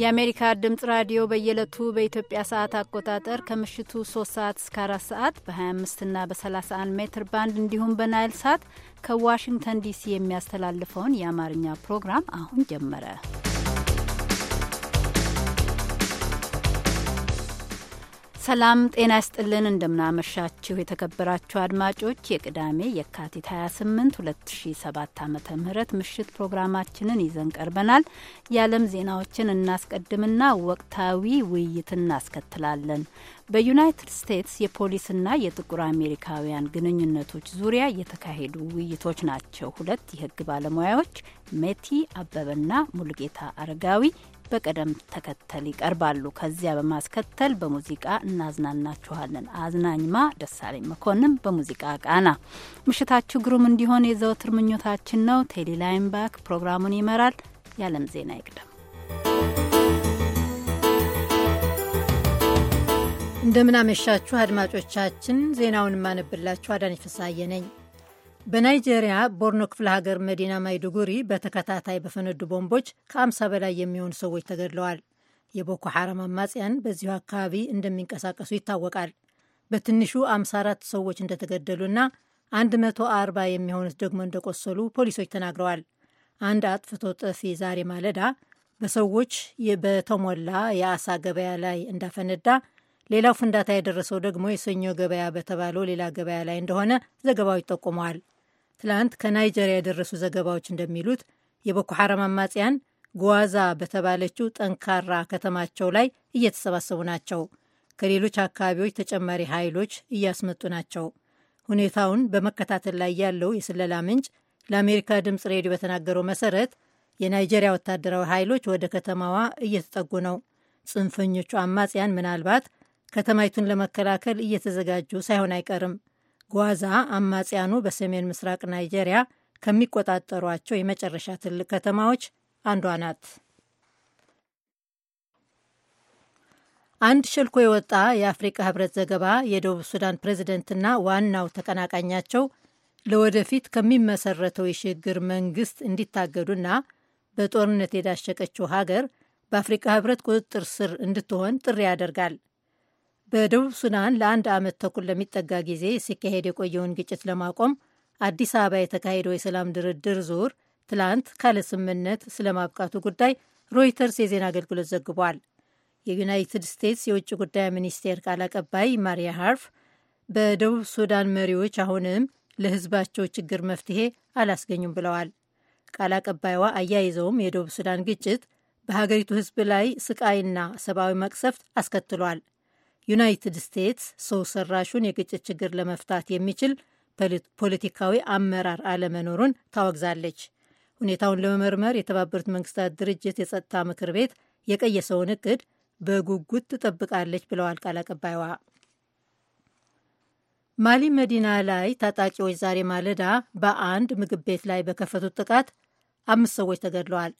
የአሜሪካ ድምጽ ራዲዮ በየዕለቱ በኢትዮጵያ ሰዓት አቆጣጠር ከምሽቱ 3 ሰዓት እስከ 4 ሰዓት በ25 እና በ31 ሜትር ባንድ እንዲሁም በናይል ሳት ከዋሽንግተን ዲሲ የሚያስተላልፈውን የአማርኛ ፕሮግራም አሁን ጀመረ። ሰላም ጤና ይስጥልን። እንደምናመሻችሁ የተከበራችሁ አድማጮች የቅዳሜ የካቲት 28 2007 ዓ ምህረት ምሽት ፕሮግራማችንን ይዘን ቀርበናል። የዓለም ዜናዎችን እናስቀድምና ወቅታዊ ውይይት እናስከትላለን። በዩናይትድ ስቴትስ የፖሊስና የጥቁር አሜሪካውያን ግንኙነቶች ዙሪያ የተካሄዱ ውይይቶች ናቸው። ሁለት የህግ ባለሙያዎች ሜቲ አበበና ሙልጌታ አረጋዊ በቀደም ተከተል ይቀርባሉ። ከዚያ በማስከተል በሙዚቃ እናዝናናችኋለን። አዝናኝማ ደሳለኝ መኮንን በሙዚቃ ቃና ምሽታችሁ ግሩም እንዲሆን የዘወትር ምኞታችን ነው። ቴሌ ባክ ፕሮግራሙን ይመራል። የዓለም ዜና ይቅደም። እንደምናመሻችሁ አድማጮቻችን። ዜናውን የማነብላችሁ አዳነች ፍስሐዬ ነኝ። በናይጄሪያ ቦርኖ ክፍለ ሀገር መዲና ማይዱጉሪ በተከታታይ በፈነዱ ቦምቦች ከአምሳ በላይ የሚሆኑ ሰዎች ተገድለዋል። የቦኮ ሐራም አማጽያን በዚሁ አካባቢ እንደሚንቀሳቀሱ ይታወቃል። በትንሹ 54 ሰዎች እንደተገደሉና 140 የሚሆኑት ደግሞ እንደቆሰሉ ፖሊሶች ተናግረዋል። አንድ አጥፍቶ ጠፊ ዛሬ ማለዳ በሰዎች በተሞላ የአሳ ገበያ ላይ እንዳፈነዳ፣ ሌላው ፍንዳታ የደረሰው ደግሞ የሰኞ ገበያ በተባለው ሌላ ገበያ ላይ እንደሆነ ዘገባዎች ጠቁመዋል። ትላንት ከናይጀሪያ የደረሱ ዘገባዎች እንደሚሉት የቦኮ ሐራም አማጽያን ጓዛ በተባለችው ጠንካራ ከተማቸው ላይ እየተሰባሰቡ ናቸው። ከሌሎች አካባቢዎች ተጨማሪ ኃይሎች እያስመጡ ናቸው። ሁኔታውን በመከታተል ላይ ያለው የስለላ ምንጭ ለአሜሪካ ድምፅ ሬዲዮ በተናገረው መሰረት የናይጀሪያ ወታደራዊ ኃይሎች ወደ ከተማዋ እየተጠጉ ነው። ጽንፈኞቹ አማጽያን ምናልባት ከተማይቱን ለመከላከል እየተዘጋጁ ሳይሆን አይቀርም። ጓዛ አማጽያኑ በሰሜን ምስራቅ ናይጄሪያ ከሚቆጣጠሯቸው የመጨረሻ ትልቅ ከተማዎች አንዷ ናት። አንድ ሸልኮ የወጣ የአፍሪቃ ህብረት ዘገባ የደቡብ ሱዳን ፕሬዝደንትና ዋናው ተቀናቃኛቸው ለወደፊት ከሚመሰረተው የሽግግር መንግስት እንዲታገዱና በጦርነት የዳሸቀችው ሀገር በአፍሪቃ ህብረት ቁጥጥር ስር እንድትሆን ጥሪ ያደርጋል። በደቡብ ሱዳን ለአንድ ዓመት ተኩል ለሚጠጋ ጊዜ ሲካሄድ የቆየውን ግጭት ለማቆም አዲስ አበባ የተካሄደው የሰላም ድርድር ዙር ትላንት ካለ ስምምነት ስለማብቃቱ ጉዳይ ሮይተርስ የዜና አገልግሎት ዘግቧል። የዩናይትድ ስቴትስ የውጭ ጉዳይ ሚኒስቴር ቃል አቀባይ ማሪያ ሃርፍ በደቡብ ሱዳን መሪዎች አሁንም ለሕዝባቸው ችግር መፍትሄ አላስገኙም ብለዋል። ቃል አቀባይዋ አያይዘውም የደቡብ ሱዳን ግጭት በሀገሪቱ ሕዝብ ላይ ስቃይና ሰብአዊ መቅሰፍት አስከትሏል ዩናይትድ ስቴትስ ሰው ሰራሹን የግጭት ችግር ለመፍታት የሚችል ፖለቲካዊ አመራር አለመኖሩን ታወግዛለች። ሁኔታውን ለመመርመር የተባበሩት መንግስታት ድርጅት የጸጥታ ምክር ቤት የቀየሰውን እቅድ በጉጉት ትጠብቃለች ብለዋል ቃል አቀባይዋ። ማሊ መዲና ላይ ታጣቂዎች ዛሬ ማለዳ በአንድ ምግብ ቤት ላይ በከፈቱት ጥቃት አምስት ሰዎች ተገድለዋል፣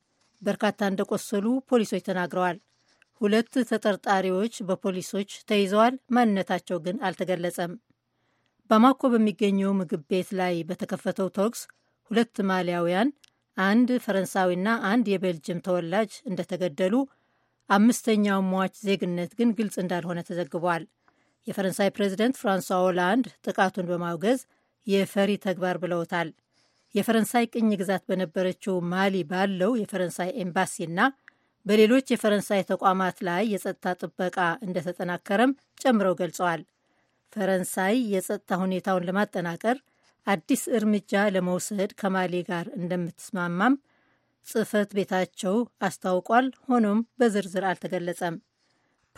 በርካታ እንደቆሰሉ ፖሊሶች ተናግረዋል። ሁለት ተጠርጣሪዎች በፖሊሶች ተይዘዋል። ማንነታቸው ግን አልተገለጸም። ባማኮ በሚገኘው ምግብ ቤት ላይ በተከፈተው ተኩስ ሁለት ማሊያውያን፣ አንድ ፈረንሳዊና አንድ የቤልጅም ተወላጅ እንደተገደሉ፣ አምስተኛው ሟች ዜግነት ግን ግልጽ እንዳልሆነ ተዘግቧል። የፈረንሳይ ፕሬዚደንት ፍራንሷ ኦላንድ ጥቃቱን በማውገዝ የፈሪ ተግባር ብለውታል። የፈረንሳይ ቅኝ ግዛት በነበረችው ማሊ ባለው የፈረንሳይ ኤምባሲና በሌሎች የፈረንሳይ ተቋማት ላይ የጸጥታ ጥበቃ እንደተጠናከረም ጨምረው ገልጸዋል። ፈረንሳይ የጸጥታ ሁኔታውን ለማጠናቀር አዲስ እርምጃ ለመውሰድ ከማሊ ጋር እንደምትስማማም ጽህፈት ቤታቸው አስታውቋል። ሆኖም በዝርዝር አልተገለጸም።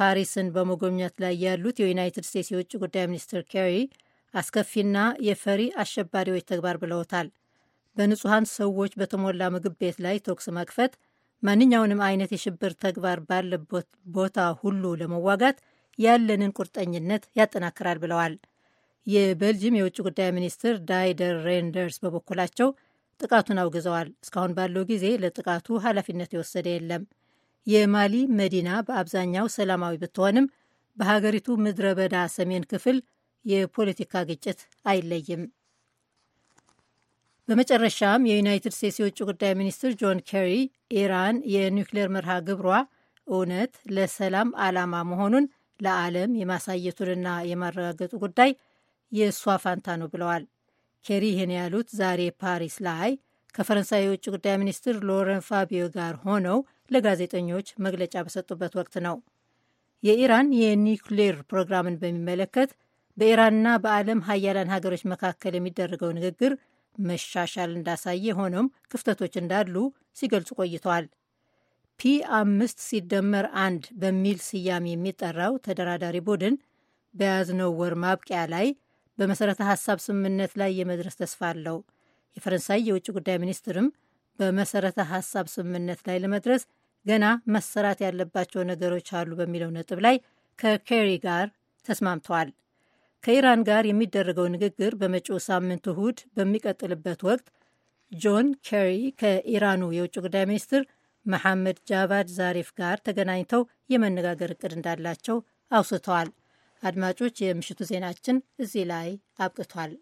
ፓሪስን በመጎብኘት ላይ ያሉት የዩናይትድ ስቴትስ የውጭ ጉዳይ ሚኒስትር ኬሪ አስከፊና የፈሪ አሸባሪዎች ተግባር ብለውታል። በንጹሐን ሰዎች በተሞላ ምግብ ቤት ላይ ተኩስ መክፈት ማንኛውንም አይነት የሽብር ተግባር ባለበት ቦታ ሁሉ ለመዋጋት ያለንን ቁርጠኝነት ያጠናክራል ብለዋል። የቤልጅየም የውጭ ጉዳይ ሚኒስትር ዳይደር ሬንደርስ በበኩላቸው ጥቃቱን አውግዘዋል። እስካሁን ባለው ጊዜ ለጥቃቱ ኃላፊነት የወሰደ የለም። የማሊ መዲና በአብዛኛው ሰላማዊ ብትሆንም በሀገሪቱ ምድረ በዳ ሰሜን ክፍል የፖለቲካ ግጭት አይለይም። በመጨረሻም የዩናይትድ ስቴትስ የውጭ ጉዳይ ሚኒስትር ጆን ኬሪ ኢራን የኒውክሌር መርሃ ግብሯ እውነት ለሰላም ዓላማ መሆኑን ለዓለም የማሳየቱንና የማረጋገጡ ጉዳይ የእሷ ፋንታ ነው ብለዋል። ኬሪ ይህን ያሉት ዛሬ ፓሪስ ላይ ከፈረንሳይ የውጭ ጉዳይ ሚኒስትር ሎረን ፋቢዮ ጋር ሆነው ለጋዜጠኞች መግለጫ በሰጡበት ወቅት ነው። የኢራን የኒውክሌር ፕሮግራምን በሚመለከት በኢራንና በዓለም ሀያላን ሀገሮች መካከል የሚደረገው ንግግር መሻሻል እንዳሳየ፣ ሆኖም ክፍተቶች እንዳሉ ሲገልጹ ቆይተዋል። ፒ አምስት ሲደመር አንድ በሚል ስያሜ የሚጠራው ተደራዳሪ ቡድን በያዝነው ወር ማብቂያ ላይ በመሰረተ ሀሳብ ስምምነት ላይ የመድረስ ተስፋ አለው። የፈረንሳይ የውጭ ጉዳይ ሚኒስትርም በመሰረተ ሀሳብ ስምምነት ላይ ለመድረስ ገና መሰራት ያለባቸው ነገሮች አሉ በሚለው ነጥብ ላይ ከኬሪ ጋር ተስማምተዋል። ከኢራን ጋር የሚደረገው ንግግር በመጪው ሳምንት እሁድ በሚቀጥልበት ወቅት ጆን ኬሪ ከኢራኑ የውጭ ጉዳይ ሚኒስትር መሐመድ ጃቫድ ዛሪፍ ጋር ተገናኝተው የመነጋገር እቅድ እንዳላቸው አውስተዋል። አድማጮች፣ የምሽቱ ዜናችን እዚህ ላይ አብቅቷል።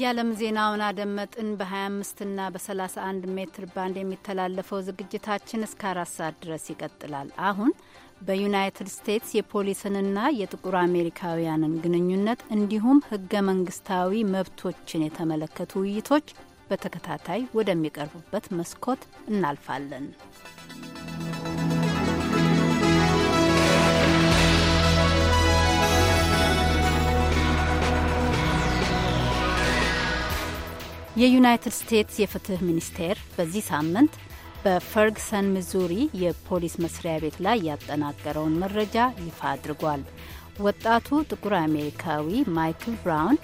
የዓለም ዜናውን አደመጥን። በ25 እና በ31 ሜትር ባንድ የሚተላለፈው ዝግጅታችን እስከ አራት ሰዓት ድረስ ይቀጥላል። አሁን በዩናይትድ ስቴትስ የፖሊስንና የጥቁር አሜሪካውያንን ግንኙነት እንዲሁም ህገ መንግስታዊ መብቶችን የተመለከቱ ውይይቶች በተከታታይ ወደሚቀርቡበት መስኮት እናልፋለን። የዩናይትድ ስቴትስ የፍትህ ሚኒስቴር በዚህ ሳምንት በፈርግሰን ሚዙሪ የፖሊስ መስሪያ ቤት ላይ ያጠናቀረውን መረጃ ይፋ አድርጓል። ወጣቱ ጥቁር አሜሪካዊ ማይክል ብራውን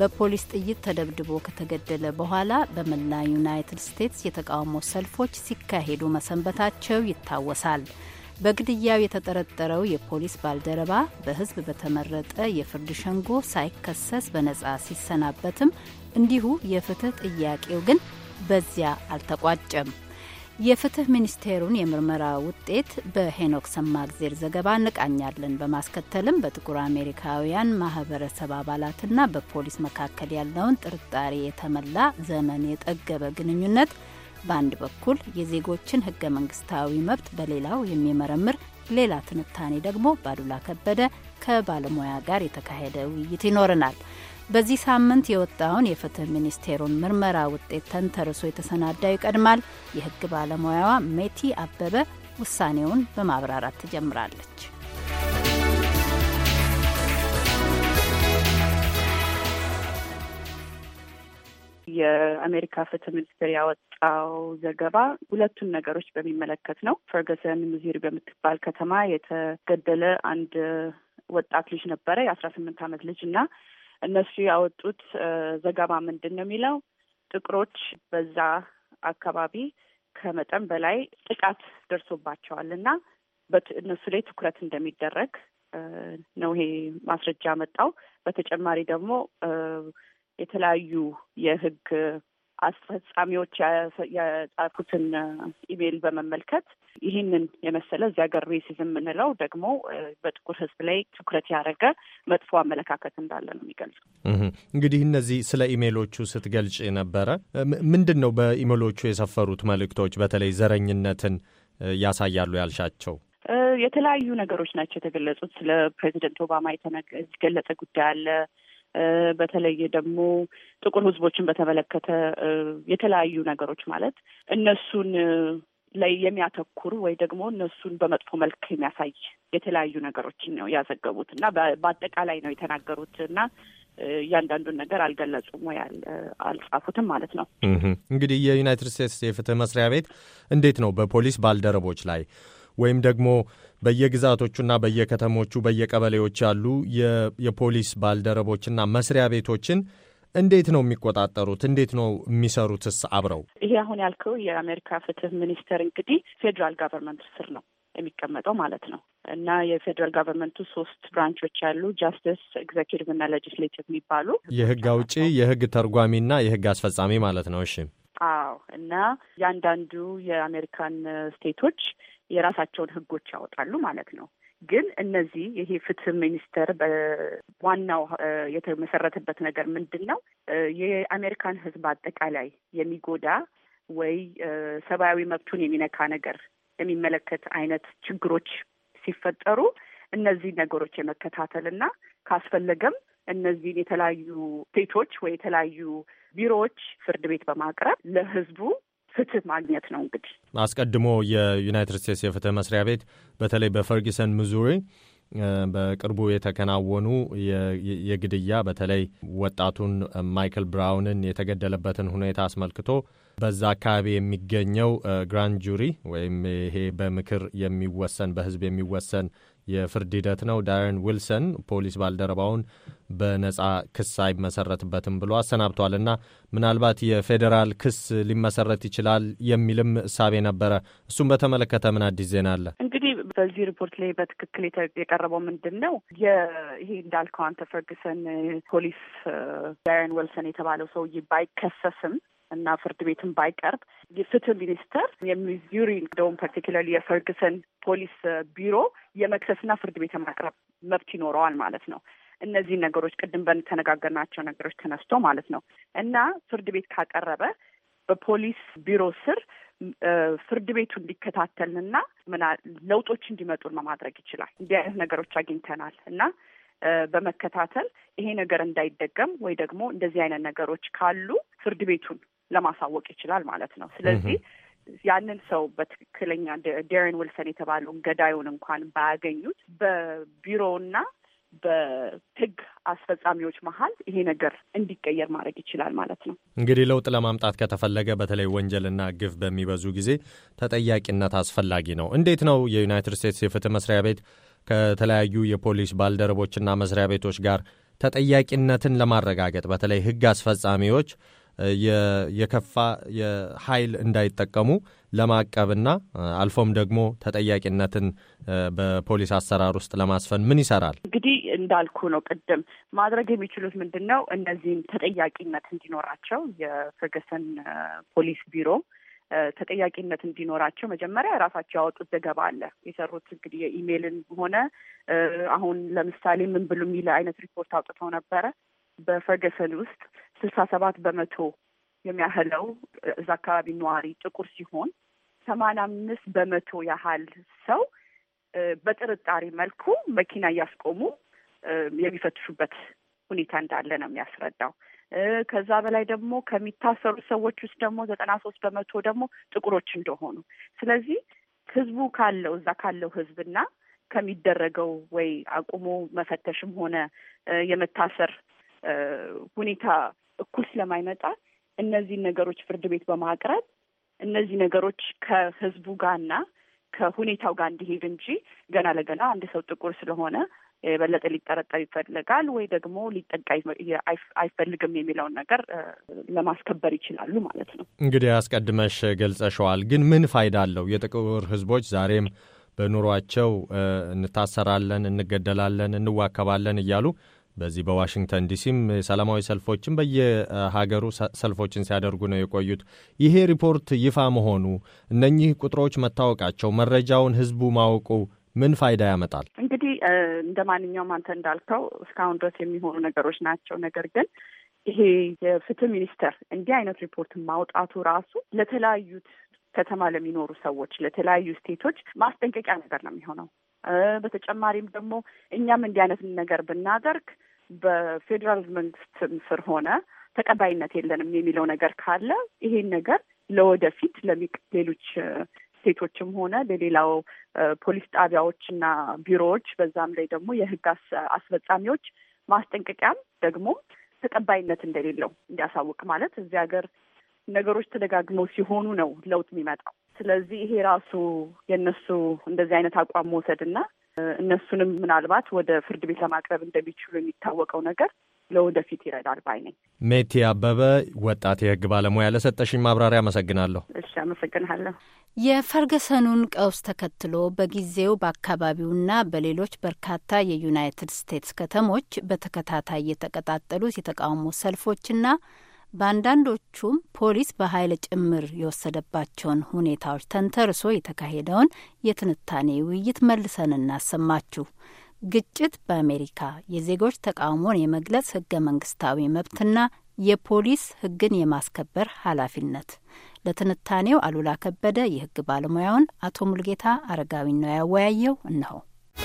በፖሊስ ጥይት ተደብድቦ ከተገደለ በኋላ በመላ ዩናይትድ ስቴትስ የተቃውሞ ሰልፎች ሲካሄዱ መሰንበታቸው ይታወሳል። በግድያው የተጠረጠረው የፖሊስ ባልደረባ በህዝብ በተመረጠ የፍርድ ሸንጎ ሳይከሰስ በነጻ ሲሰናበትም እንዲሁ የፍትህ ጥያቄው ግን በዚያ አልተቋጨም። የፍትህ ሚኒስቴሩን የምርመራ ውጤት በሄኖክ ሰማግዜር ዘገባ እንቃኛለን። በማስከተልም በጥቁር አሜሪካውያን ማህበረሰብ አባላትና በፖሊስ መካከል ያለውን ጥርጣሬ የተሞላ ዘመን የጠገበ ግንኙነት በአንድ በኩል የዜጎችን ህገ መንግስታዊ መብት በሌላው የሚመረምር ሌላ ትንታኔ ደግሞ ባዱላ ከበደ ከባለሙያ ጋር የተካሄደ ውይይት ይኖረናል። በዚህ ሳምንት የወጣውን የፍትህ ሚኒስቴሩን ምርመራ ውጤት ተንተርሶ የተሰናዳው ይቀድማል። የህግ ባለሙያዋ ሜቲ አበበ ውሳኔውን በማብራራት ትጀምራለች። የአሜሪካ ፍትህ ሚኒስቴር ያወጣው ዘገባ ሁለቱን ነገሮች በሚመለከት ነው። ፈርገሰን ሚዙሪ በምትባል ከተማ የተገደለ አንድ ወጣት ልጅ ነበረ፣ የአስራ ስምንት ዓመት ልጅ እና እነሱ ያወጡት ዘገባ ምንድን ነው የሚለው ጥቁሮች በዛ አካባቢ ከመጠን በላይ ጥቃት ደርሶባቸዋል እና በእነሱ ላይ ትኩረት እንደሚደረግ ነው ይሄ ማስረጃ መጣው። በተጨማሪ ደግሞ የተለያዩ የህግ አስፈጻሚዎች የጻፉትን ኢሜይል በመመልከት ይህንን የመሰለ እዚህ ሀገር ሬሲዝም የምንለው ደግሞ በጥቁር ህዝብ ላይ ትኩረት ያደረገ መጥፎ አመለካከት እንዳለ ነው የሚገልጹ እንግዲህ እነዚህ ስለ ኢሜሎቹ ስትገልጭ ነበረ። ምንድን ነው በኢሜሎቹ የሰፈሩት መልእክቶች በተለይ ዘረኝነትን ያሳያሉ ያልሻቸው? የተለያዩ ነገሮች ናቸው የተገለጹት። ስለ ፕሬዚደንት ኦባማ የተገለጸ ጉዳይ አለ በተለይ ደግሞ ጥቁር ህዝቦችን በተመለከተ የተለያዩ ነገሮች ማለት እነሱን ላይ የሚያተኩር ወይ ደግሞ እነሱን በመጥፎ መልክ የሚያሳይ የተለያዩ ነገሮችን ነው ያዘገቡት እና በአጠቃላይ ነው የተናገሩት እና እያንዳንዱን ነገር አልገለጹም ወይ አልጻፉትም ማለት ነው። እንግዲህ የዩናይትድ ስቴትስ የፍትህ መስሪያ ቤት እንዴት ነው በፖሊስ ባልደረቦች ላይ ወይም ደግሞ በየግዛቶቹና በየከተሞቹ በየቀበሌዎች ያሉ የፖሊስ ባልደረቦችና መስሪያ ቤቶችን እንዴት ነው የሚቆጣጠሩት? እንዴት ነው የሚሰሩትስ አብረው? ይሄ አሁን ያልከው የአሜሪካ ፍትህ ሚኒስቴር እንግዲህ ፌዴራል ጋቨርንመንት ስር ነው የሚቀመጠው ማለት ነው እና የፌዴራል ጋቨርንመንቱ ሶስት ብራንቾች ያሉ ጃስቲስ፣ ኤግዜኪቲቭ እና ሌጅስሌቲቭ የሚባሉ የህግ አውጪ፣ የህግ ተርጓሚና የህግ አስፈጻሚ ማለት ነው። እሺ። አዎ። እና እያንዳንዱ የአሜሪካን ስቴቶች የራሳቸውን ህጎች ያወጣሉ ማለት ነው። ግን እነዚህ ይሄ ፍትህ ሚኒስቴር በዋናው የተመሰረተበት ነገር ምንድን ነው? የአሜሪካን ህዝብ አጠቃላይ የሚጎዳ ወይ ሰብአዊ መብቱን የሚነካ ነገር የሚመለከት አይነት ችግሮች ሲፈጠሩ እነዚህ ነገሮች የመከታተልና ካስፈለገም እነዚህን የተለያዩ ቴቶች ወይ የተለያዩ ቢሮዎች ፍርድ ቤት በማቅረብ ለህዝቡ ፍትህ ማግኘት ነው። እንግዲህ አስቀድሞ የዩናይትድ ስቴትስ የፍትህ መስሪያ ቤት በተለይ በፈርጊሰን ሚዙሪ በቅርቡ የተከናወኑ የግድያ በተለይ ወጣቱን ማይክል ብራውንን የተገደለበትን ሁኔታ አስመልክቶ በዛ አካባቢ የሚገኘው ግራንድ ጁሪ ወይም ይሄ በምክር የሚወሰን በህዝብ የሚወሰን የፍርድ ሂደት ነው። ዳረን ዊልሰን ፖሊስ ባልደረባውን በነጻ ክስ አይመሰረትበትም ብሎ አሰናብቷል እና ምናልባት የፌዴራል ክስ ሊመሰረት ይችላል የሚልም እሳቤ ነበረ። እሱም በተመለከተ ምን አዲስ ዜና አለ? እንግዲህ በዚህ ሪፖርት ላይ በትክክል የቀረበው ምንድን ነው? ይሄ እንዳልከው አንተ ፈርግሰን ፖሊስ ዳረን ዊልሰን የተባለው ሰውዬ ባይከሰስም እና ፍርድ ቤትን ባይቀርብ የፍትህ ሚኒስተር የሚዙሪ እንደውም ፓርቲኪላር የፈርግሰን ፖሊስ ቢሮ የመክሰስና ፍርድ ቤት የማቅረብ መብት ይኖረዋል ማለት ነው። እነዚህ ነገሮች ቅድም በተነጋገርናቸው ነገሮች ተነስቶ ማለት ነው እና ፍርድ ቤት ካቀረበ በፖሊስ ቢሮ ስር ፍርድ ቤቱ እንዲከታተልና ምና ለውጦች እንዲመጡ ማድረግ ይችላል። እንዲህ አይነት ነገሮች አግኝተናል እና በመከታተል ይሄ ነገር እንዳይደገም ወይ ደግሞ እንደዚህ አይነት ነገሮች ካሉ ፍርድ ቤቱን ለማሳወቅ ይችላል ማለት ነው። ስለዚህ ያንን ሰው በትክክለኛ ዴረን ዊልሰን የተባለውን ገዳዩን እንኳን ባያገኙት በቢሮውና በህግ አስፈጻሚዎች መሀል ይሄ ነገር እንዲቀየር ማድረግ ይችላል ማለት ነው። እንግዲህ ለውጥ ለማምጣት ከተፈለገ በተለይ ወንጀልና ግፍ በሚበዙ ጊዜ ተጠያቂነት አስፈላጊ ነው። እንዴት ነው የዩናይትድ ስቴትስ የፍትህ መስሪያ ቤት ከተለያዩ የፖሊስ ባልደረቦችና መስሪያ ቤቶች ጋር ተጠያቂነትን ለማረጋገጥ በተለይ ህግ አስፈጻሚዎች የከፋ የኃይል እንዳይጠቀሙ ለማቀብና አልፎም ደግሞ ተጠያቂነትን በፖሊስ አሰራር ውስጥ ለማስፈን ምን ይሰራል? እንግዲህ እንዳልኩ ነው ቅድም ማድረግ የሚችሉት ምንድን ነው? እነዚህም ተጠያቂነት እንዲኖራቸው የፈርገሰን ፖሊስ ቢሮ ተጠያቂነት እንዲኖራቸው መጀመሪያ ራሳቸው ያወጡት ዘገባ አለ። የሰሩት እንግዲህ የኢሜይልን ሆነ አሁን ለምሳሌ ምን ብሉ የሚል አይነት ሪፖርት አውጥተው ነበረ። በፈርገሰን ውስጥ ስልሳ ሰባት በመቶ የሚያህለው እዛ አካባቢ ነዋሪ ጥቁር ሲሆን ሰማንያ አምስት በመቶ ያህል ሰው በጥርጣሬ መልኩ መኪና እያስቆሙ የሚፈትሹበት ሁኔታ እንዳለ ነው የሚያስረዳው። ከዛ በላይ ደግሞ ከሚታሰሩ ሰዎች ውስጥ ደግሞ ዘጠና ሶስት በመቶ ደግሞ ጥቁሮች እንደሆኑ ስለዚህ ህዝቡ ካለው እዛ ካለው ህዝብና ከሚደረገው ወይ አቁሞ መፈተሽም ሆነ የመታሰር ሁኔታ እኩል ስለማይመጣ እነዚህን ነገሮች ፍርድ ቤት በማቅረብ እነዚህ ነገሮች ከህዝቡ ጋርና ከሁኔታው ጋር እንዲሄድ እንጂ ገና ለገና አንድ ሰው ጥቁር ስለሆነ የበለጠ ሊጠረጠር ይፈልጋል ወይ ደግሞ ሊጠቃ አይፈልግም የሚለውን ነገር ለማስከበር ይችላሉ ማለት ነው። እንግዲህ አስቀድመሽ ገልጸሸዋል። ግን ምን ፋይዳ አለው? የጥቁር ህዝቦች ዛሬም በኑሯቸው እንታሰራለን፣ እንገደላለን፣ እንዋከባለን እያሉ በዚህ በዋሽንግተን ዲሲም ሰላማዊ ሰልፎችን በየሀገሩ ሰልፎችን ሲያደርጉ ነው የቆዩት። ይሄ ሪፖርት ይፋ መሆኑ፣ እነኚህ ቁጥሮች መታወቃቸው፣ መረጃውን ህዝቡ ማወቁ ምን ፋይዳ ያመጣል? እንግዲህ እንደ ማንኛውም አንተ እንዳልከው እስካሁን ድረስ የሚሆኑ ነገሮች ናቸው። ነገር ግን ይሄ የፍትህ ሚኒስቴር እንዲህ አይነት ሪፖርት ማውጣቱ ራሱ ለተለያዩት ከተማ ለሚኖሩ ሰዎች፣ ለተለያዩ ስቴቶች ማስጠንቀቂያ ነገር ነው የሚሆነው በተጨማሪም ደግሞ እኛም እንዲህ አይነት ነገር ብናደርግ በፌዴራል መንግስትም ስር ሆነ ተቀባይነት የለንም የሚለው ነገር ካለ ይሄን ነገር ለወደፊት ሌሎች ሴቶችም ሆነ ለሌላው ፖሊስ ጣቢያዎች እና ቢሮዎች በዛም ላይ ደግሞ የህግ አስፈጻሚዎች ማስጠንቀቂያም ደግሞ ተቀባይነት እንደሌለው እንዲያሳውቅ ማለት እዚህ ሀገር ነገሮች ተደጋግመው ሲሆኑ ነው ለውጥ የሚመጣው። ስለዚህ ይሄ ራሱ የእነሱ እንደዚህ አይነት አቋም መውሰድና እነሱንም ምናልባት ወደ ፍርድ ቤት ለማቅረብ እንደሚችሉ የሚታወቀው ነገር ለወደፊት ይረዳል ባይ ነኝ። ሜቲ አበበ ወጣት የህግ ባለሙያ ለሰጠሽኝ ማብራሪያ አመሰግናለሁ። እሺ አመሰግናለሁ። የፈርገሰኑን ቀውስ ተከትሎ በጊዜው በአካባቢውና በሌሎች በርካታ የዩናይትድ ስቴትስ ከተሞች በተከታታይ የተቀጣጠሉት የተቃውሞ ሰልፎችና በአንዳንዶቹም ፖሊስ በኃይል ጭምር የወሰደባቸውን ሁኔታዎች ተንተርሶ የተካሄደውን የትንታኔ ውይይት መልሰን እናሰማችሁ። ግጭት በአሜሪካ የዜጎች ተቃውሞን የመግለጽ ህገ መንግስታዊ መብትና የፖሊስ ህግን የማስከበር ኃላፊነት። ለትንታኔው አሉላ ከበደ የህግ ባለሙያውን አቶ ሙልጌታ አረጋዊን ነው ያወያየው። እነሆ።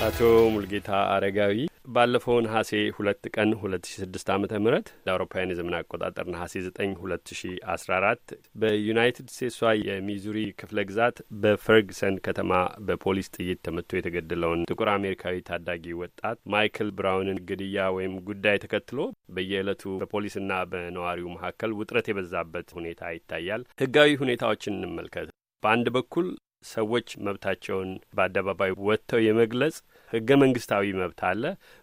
አቶ ሙልጌታ አረጋዊ ባለፈው ነሐሴ ሁለት ቀን 206 ዓ ም ለአውሮፓውያን የዘመን አቆጣጠር ነሐሴ 9 2014 በዩናይትድ ስቴትሷ የሚዙሪ ክፍለ ግዛት በፈርግሰን ከተማ በፖሊስ ጥይት ተመቶ የተገደለውን ጥቁር አሜሪካዊ ታዳጊ ወጣት ማይክል ብራውንን ግድያ ወይም ጉዳይ ተከትሎ በየዕለቱ በፖሊስና በነዋሪው መካከል ውጥረት የበዛበት ሁኔታ ይታያል። ህጋዊ ሁኔታዎችን እንመልከት። በአንድ በኩል ሰዎች መብታቸውን በአደባባይ ወጥተው የመግለጽ ህገ መንግስታዊ መብት አለ።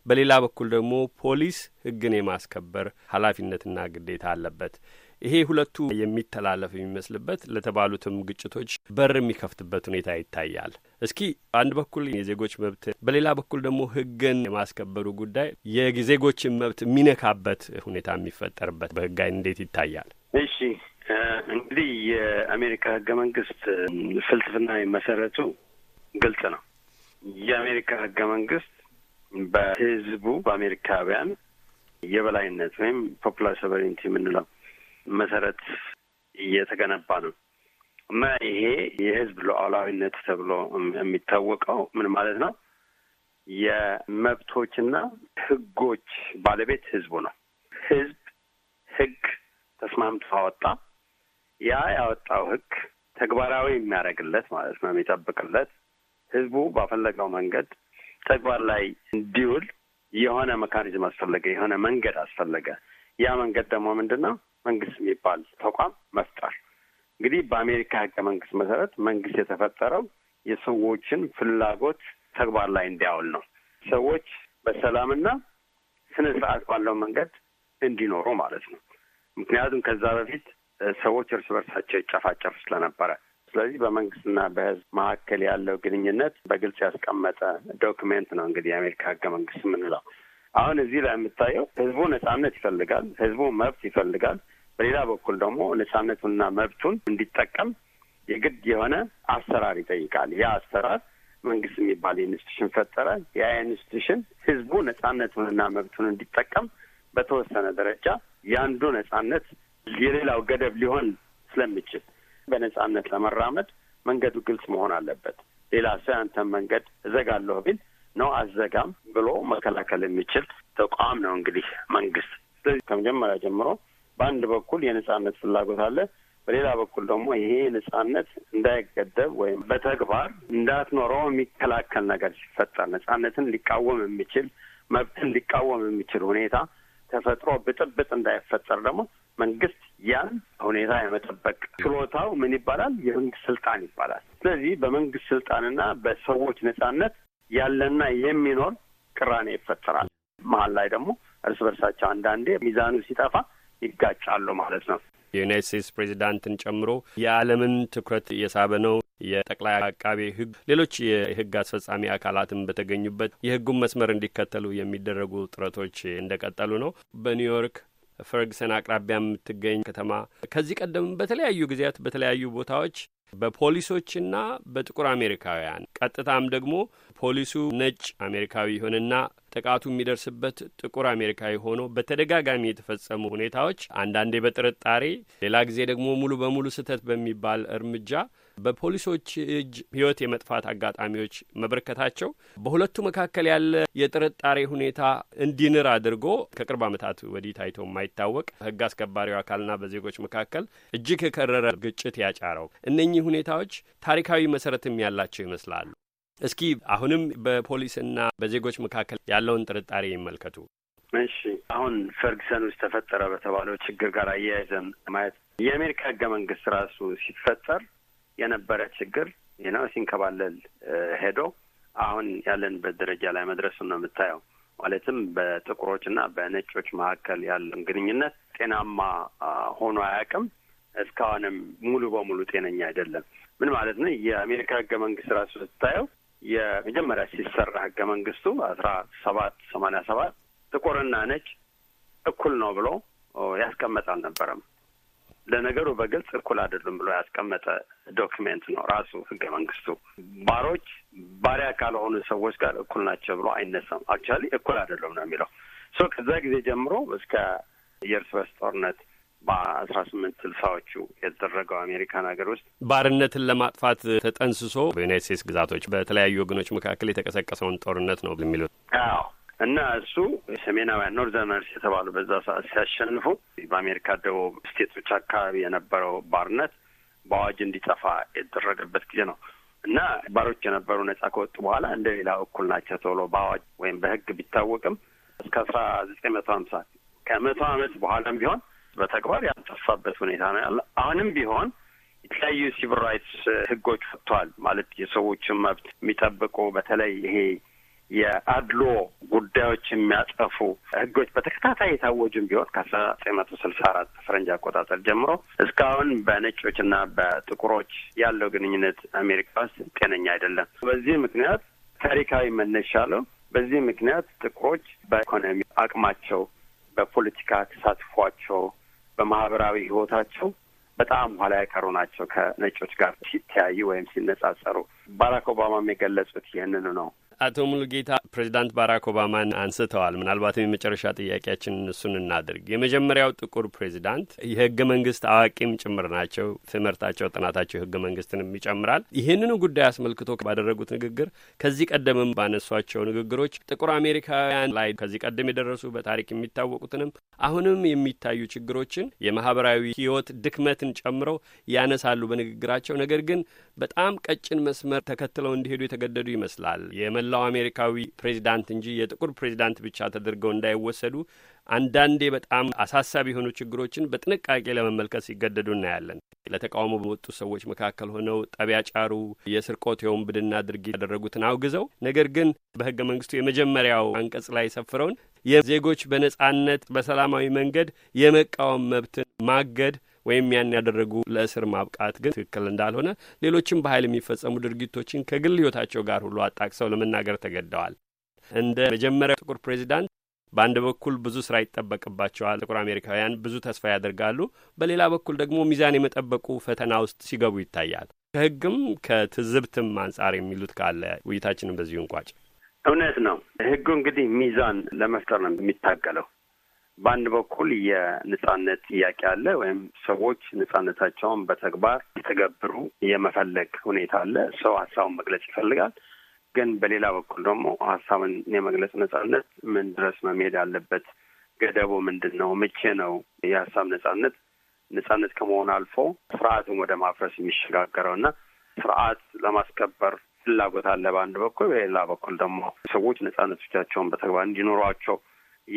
በሌላ በኩል ደግሞ ፖሊስ ህግን የማስከበር ኃላፊነትና ግዴታ አለበት። ይሄ ሁለቱ የሚተላለፍ የሚመስልበት ለተባሉትም ግጭቶች በር የሚከፍትበት ሁኔታ ይታያል። እስኪ አንድ በኩል የዜጎች መብት፣ በሌላ በኩል ደግሞ ህግን የማስከበሩ ጉዳይ የዜጎችን መብት የሚነካበት ሁኔታ የሚፈጠርበት በህግ አይን እንዴት ይታያል? እሺ እንግዲህ የአሜሪካ ህገ መንግስት ፍልስፍና የመሰረቱ ግልጽ ነው። የአሜሪካ ህገ መንግስት በህዝቡ በአሜሪካውያን የበላይነት ወይም ፖፑላር ሶቨሬንቲ የምንለው መሰረት እየተገነባ ነው እና ይሄ የህዝብ ሉዓላዊነት ተብሎ የሚታወቀው ምን ማለት ነው? የመብቶችና ህጎች ባለቤት ህዝቡ ነው። ህዝብ ህግ ተስማምቶ አወጣ። ያ ያወጣው ህግ ተግባራዊ የሚያደርግለት ማለት ነው የሚጠብቅለት ህዝቡ ባፈለገው መንገድ ተግባር ላይ እንዲውል የሆነ መካኒዝም አስፈለገ፣ የሆነ መንገድ አስፈለገ። ያ መንገድ ደግሞ ምንድን ነው? መንግስት የሚባል ተቋም መፍጠር። እንግዲህ በአሜሪካ ህገ መንግስት መሰረት መንግስት የተፈጠረው የሰዎችን ፍላጎት ተግባር ላይ እንዲያውል ነው። ሰዎች በሰላምና ስነ ስርዓት ባለው መንገድ እንዲኖሩ ማለት ነው። ምክንያቱም ከዛ በፊት ሰዎች እርስ በርሳቸው ይጨፋጨፍ ስለነበረ ስለዚህ በመንግስትና በህዝብ መካከል ያለው ግንኙነት በግልጽ ያስቀመጠ ዶክሜንት ነው እንግዲህ የአሜሪካ ህገ መንግስት የምንለው። አሁን እዚህ ላይ የምታየው ህዝቡ ነጻነት ይፈልጋል፣ ህዝቡ መብት ይፈልጋል። በሌላ በኩል ደግሞ ነጻነቱንና መብቱን እንዲጠቀም የግድ የሆነ አሰራር ይጠይቃል። ያ አሰራር መንግስት የሚባል ኢንስቲቱሽን ፈጠረ። ያ ኢንስቲቱሽን ህዝቡ ነጻነቱንና መብቱን እንዲጠቀም በተወሰነ ደረጃ የአንዱ ነጻነት የሌላው ገደብ ሊሆን ስለሚችል በነጻነት ለመራመድ መንገዱ ግልጽ መሆን አለበት። ሌላ ሰው ያንተን መንገድ እዘጋለሁ ቢል ነው አዘጋም ብሎ መከላከል የሚችል ተቋም ነው እንግዲህ መንግስት። ስለዚህ ከመጀመሪያ ጀምሮ በአንድ በኩል የነጻነት ፍላጎት አለ፣ በሌላ በኩል ደግሞ ይሄ ነጻነት እንዳይገደብ ወይም በተግባር እንዳትኖረው የሚከላከል ነገር ሲፈጠር ነጻነትን ሊቃወም የሚችል መብትን ሊቃወም የሚችል ሁኔታ ተፈጥሮ ብጥብጥ እንዳይፈጠር ደግሞ መንግስት ያን ሁኔታ የመጠበቅ ችሎታው ምን ይባላል? የመንግስት ስልጣን ይባላል። ስለዚህ በመንግስት ስልጣንና በሰዎች ነጻነት ያለና የሚኖር ቅራኔ ይፈጠራል። መሀል ላይ ደግሞ እርስ በርሳቸው አንዳንዴ ሚዛኑ ሲጠፋ ይጋጫሉ ማለት ነው። የዩናይት ስቴትስ ፕሬዚዳንትን ጨምሮ የዓለምን ትኩረት የሳበ ነው። የጠቅላይ አቃቤ ሕግ ሌሎች የሕግ አስፈጻሚ አካላትን በተገኙበት የሕጉን መስመር እንዲከተሉ የሚደረጉ ጥረቶች እንደቀጠሉ ነው። በኒውዮርክ ፈርግሰን አቅራቢያ የምትገኝ ከተማ ከዚህ ቀደም በተለያዩ ጊዜያት በተለያዩ ቦታዎች በፖሊሶችና በጥቁር አሜሪካውያን ቀጥታም ደግሞ ፖሊሱ ነጭ አሜሪካዊ ይሆንና ጥቃቱ የሚደርስበት ጥቁር አሜሪካዊ ሆኖ በተደጋጋሚ የተፈጸሙ ሁኔታዎች አንዳንዴ በጥርጣሬ ሌላ ጊዜ ደግሞ ሙሉ በሙሉ ስህተት በሚባል እርምጃ በፖሊሶች እጅ ህይወት የመጥፋት አጋጣሚዎች መበርከታቸው በሁለቱ መካከል ያለ የጥርጣሬ ሁኔታ እንዲንር አድርጎ ከቅርብ ዓመታት ወዲህ ታይቶ የማይታወቅ ህግ አስከባሪው አካልና በዜጎች መካከል እጅግ የከረረ ግጭት ያጫረው እነኚህ ሁኔታዎች ታሪካዊ መሰረትም ያላቸው ይመስላሉ። እስኪ አሁንም በፖሊስና በዜጎች መካከል ያለውን ጥርጣሬ ይመልከቱ። እሺ፣ አሁን ፈርግሰን ውስጥ ተፈጠረ በተባለው ችግር ጋር አያይዘን ማየት የአሜሪካ ህገ መንግስት ራሱ ሲፈጠር የነበረ ችግር ነው ሲንከባለል uh, ሄዶ አሁን ያለንበት ደረጃ ላይ መድረሱን ነው የምታየው። ማለትም በጥቁሮች እና በነጮች መካከል ያለን ግንኙነት ጤናማ uh, ሆኖ አያውቅም። እስካሁንም ሙሉ በሙሉ ጤነኛ አይደለም። ምን ማለት ነው? የአሜሪካ ህገ መንግስት ራሱ ስታየው የመጀመሪያ ሲሰራ ህገ መንግስቱ አስራ ሰባት ሰማንያ ሰባት ጥቁርና ነጭ እኩል ነው ብሎ uh, ያስቀመጠ አልነበረም። ለነገሩ በግልጽ እኩል አይደሉም ብሎ ያስቀመጠ ዶክሜንት ነው ራሱ ህገ መንግስቱ። ባሮች ባሪያ ካልሆኑ ሰዎች ጋር እኩል ናቸው ብሎ አይነሳም። አክቹዋሊ እኩል አይደሉም ነው የሚለው። ሶ ከዛ ጊዜ ጀምሮ እስከ የእርስ በርስ ጦርነት በአስራ ስምንት ስልሳዎቹ የተደረገው አሜሪካን ሀገር ውስጥ ባርነትን ለማጥፋት ተጠንስሶ በዩናይት ስቴትስ ግዛቶች በተለያዩ ወገኖች መካከል የተቀሰቀሰውን ጦርነት ነው የሚሉት። አዎ እና እሱ ሰሜናውያን ኖርዘርነርስ የተባሉ በዛ ሰዓት ሲያሸንፉ በአሜሪካ ደቡብ ስቴቶች አካባቢ የነበረው ባርነት በአዋጅ እንዲጠፋ የተደረገበት ጊዜ ነው። እና ባሮች የነበሩ ነጻ ከወጡ በኋላ እንደ ሌላ እኩል ናቸው ተብሎ በአዋጅ ወይም በህግ ቢታወቅም እስከ አስራ ዘጠኝ መቶ ሀምሳ ከመቶ አመት በኋላም ቢሆን በተግባር ያልጠፋበት ሁኔታ ነው ያለ። አሁንም ቢሆን የተለያዩ ሲቪል ራይትስ ህጎች ወጥተዋል። ማለት የሰዎችን መብት የሚጠብቁ በተለይ ይሄ የአድሎ ጉዳዮች የሚያጠፉ ህጎች በተከታታይ የታወጁም ቢሆን ከአስራ ዘጠኝ መቶ ስልሳ አራት ፈረንጅ አቆጣጠር ጀምሮ እስካሁን በነጮችና በጥቁሮች ያለው ግንኙነት አሜሪካ ውስጥ ጤነኛ አይደለም። በዚህ ምክንያት ታሪካዊ መነሻ አለው። በዚህ ምክንያት ጥቁሮች በኢኮኖሚ አቅማቸው፣ በፖለቲካ ተሳትፏቸው፣ በማህበራዊ ህይወታቸው በጣም ኋላ ያቀሩ ናቸው ከነጮች ጋር ሲተያዩ ወይም ሲነጻጸሩ። ባራክ ኦባማም የገለጹት ይህንኑ ነው። አቶ ሙሉጌታ ፕሬዚዳንት ባራክ ኦባማን አንስተዋል። ምናልባትም የመጨረሻ ጥያቄያችን እሱን እናድርግ። የመጀመሪያው ጥቁር ፕሬዚዳንት የህገ መንግስት አዋቂም ጭምር ናቸው። ትምህርታቸው፣ ጥናታቸው የህገ መንግስትንም ይጨምራል። ይህንኑ ጉዳይ አስመልክቶ ባደረጉት ንግግር ከዚህ ቀደምም ባነሷቸው ንግግሮች ጥቁር አሜሪካውያን ላይ ከዚህ ቀደም የደረሱ በታሪክ የሚታወቁትንም አሁንም የሚታዩ ችግሮችን የማህበራዊ ህይወት ድክመትን ጨምረው ያነሳሉ በንግግራቸው። ነገር ግን በጣም ቀጭን መስመር ተከትለው እንዲሄዱ የተገደዱ ይመስላል። መላው አሜሪካዊ ፕሬዚዳንት እንጂ የጥቁር ፕሬዚዳንት ብቻ ተደርገው እንዳይወሰዱ አንዳንዴ በጣም አሳሳቢ የሆኑ ችግሮችን በጥንቃቄ ለመመልከት ሲገደዱ እናያለን። ለተቃውሞ በወጡ ሰዎች መካከል ሆነው ጠቢያ ጫሩ የስርቆት የወንብድና ድርጊት ያደረጉትን አውግዘው ነገር ግን በህገ መንግስቱ የመጀመሪያው አንቀጽ ላይ ሰፍረውን የዜጎች በነጻነት በሰላማዊ መንገድ የመቃወም መብትን ማገድ ወይም ያን ያደረጉ ለእስር ማብቃት ግን ትክክል እንዳልሆነ ሌሎችም በኃይል የሚፈጸሙ ድርጊቶችን ከግል ህይወታቸው ጋር ሁሉ አጣቅሰው ለመናገር ተገደዋል። እንደ መጀመሪያው ጥቁር ፕሬዚዳንት በአንድ በኩል ብዙ ስራ ይጠበቅባቸዋል። ጥቁር አሜሪካውያን ብዙ ተስፋ ያደርጋሉ። በሌላ በኩል ደግሞ ሚዛን የመጠበቁ ፈተና ውስጥ ሲገቡ ይታያል። ከህግም ከትዝብትም አንጻር የሚሉት ካለ ውይይታችንም በዚሁ እንቋጭ። እውነት ነው። ህጉ እንግዲህ ሚዛን ለመፍጠር ነው የሚታገለው። በአንድ በኩል የነጻነት ጥያቄ አለ ወይም ሰዎች ነጻነታቸውን በተግባር የተገብሩ የመፈለግ ሁኔታ አለ። ሰው ሀሳቡን መግለጽ ይፈልጋል። ግን በሌላ በኩል ደግሞ ሀሳብን የመግለጽ ነጻነት ምን ድረስ መሄድ አለበት? ገደቡ ምንድን ነው? መቼ ነው የሀሳብ ነጻነት ነጻነት ከመሆን አልፎ ስርዓትን ወደ ማፍረስ የሚሸጋገረው እና ስርዓት ለማስከበር ፍላጎት አለ በአንድ በኩል፣ በሌላ በኩል ደግሞ ሰዎች ነጻነቶቻቸውን በተግባር እንዲኖሯቸው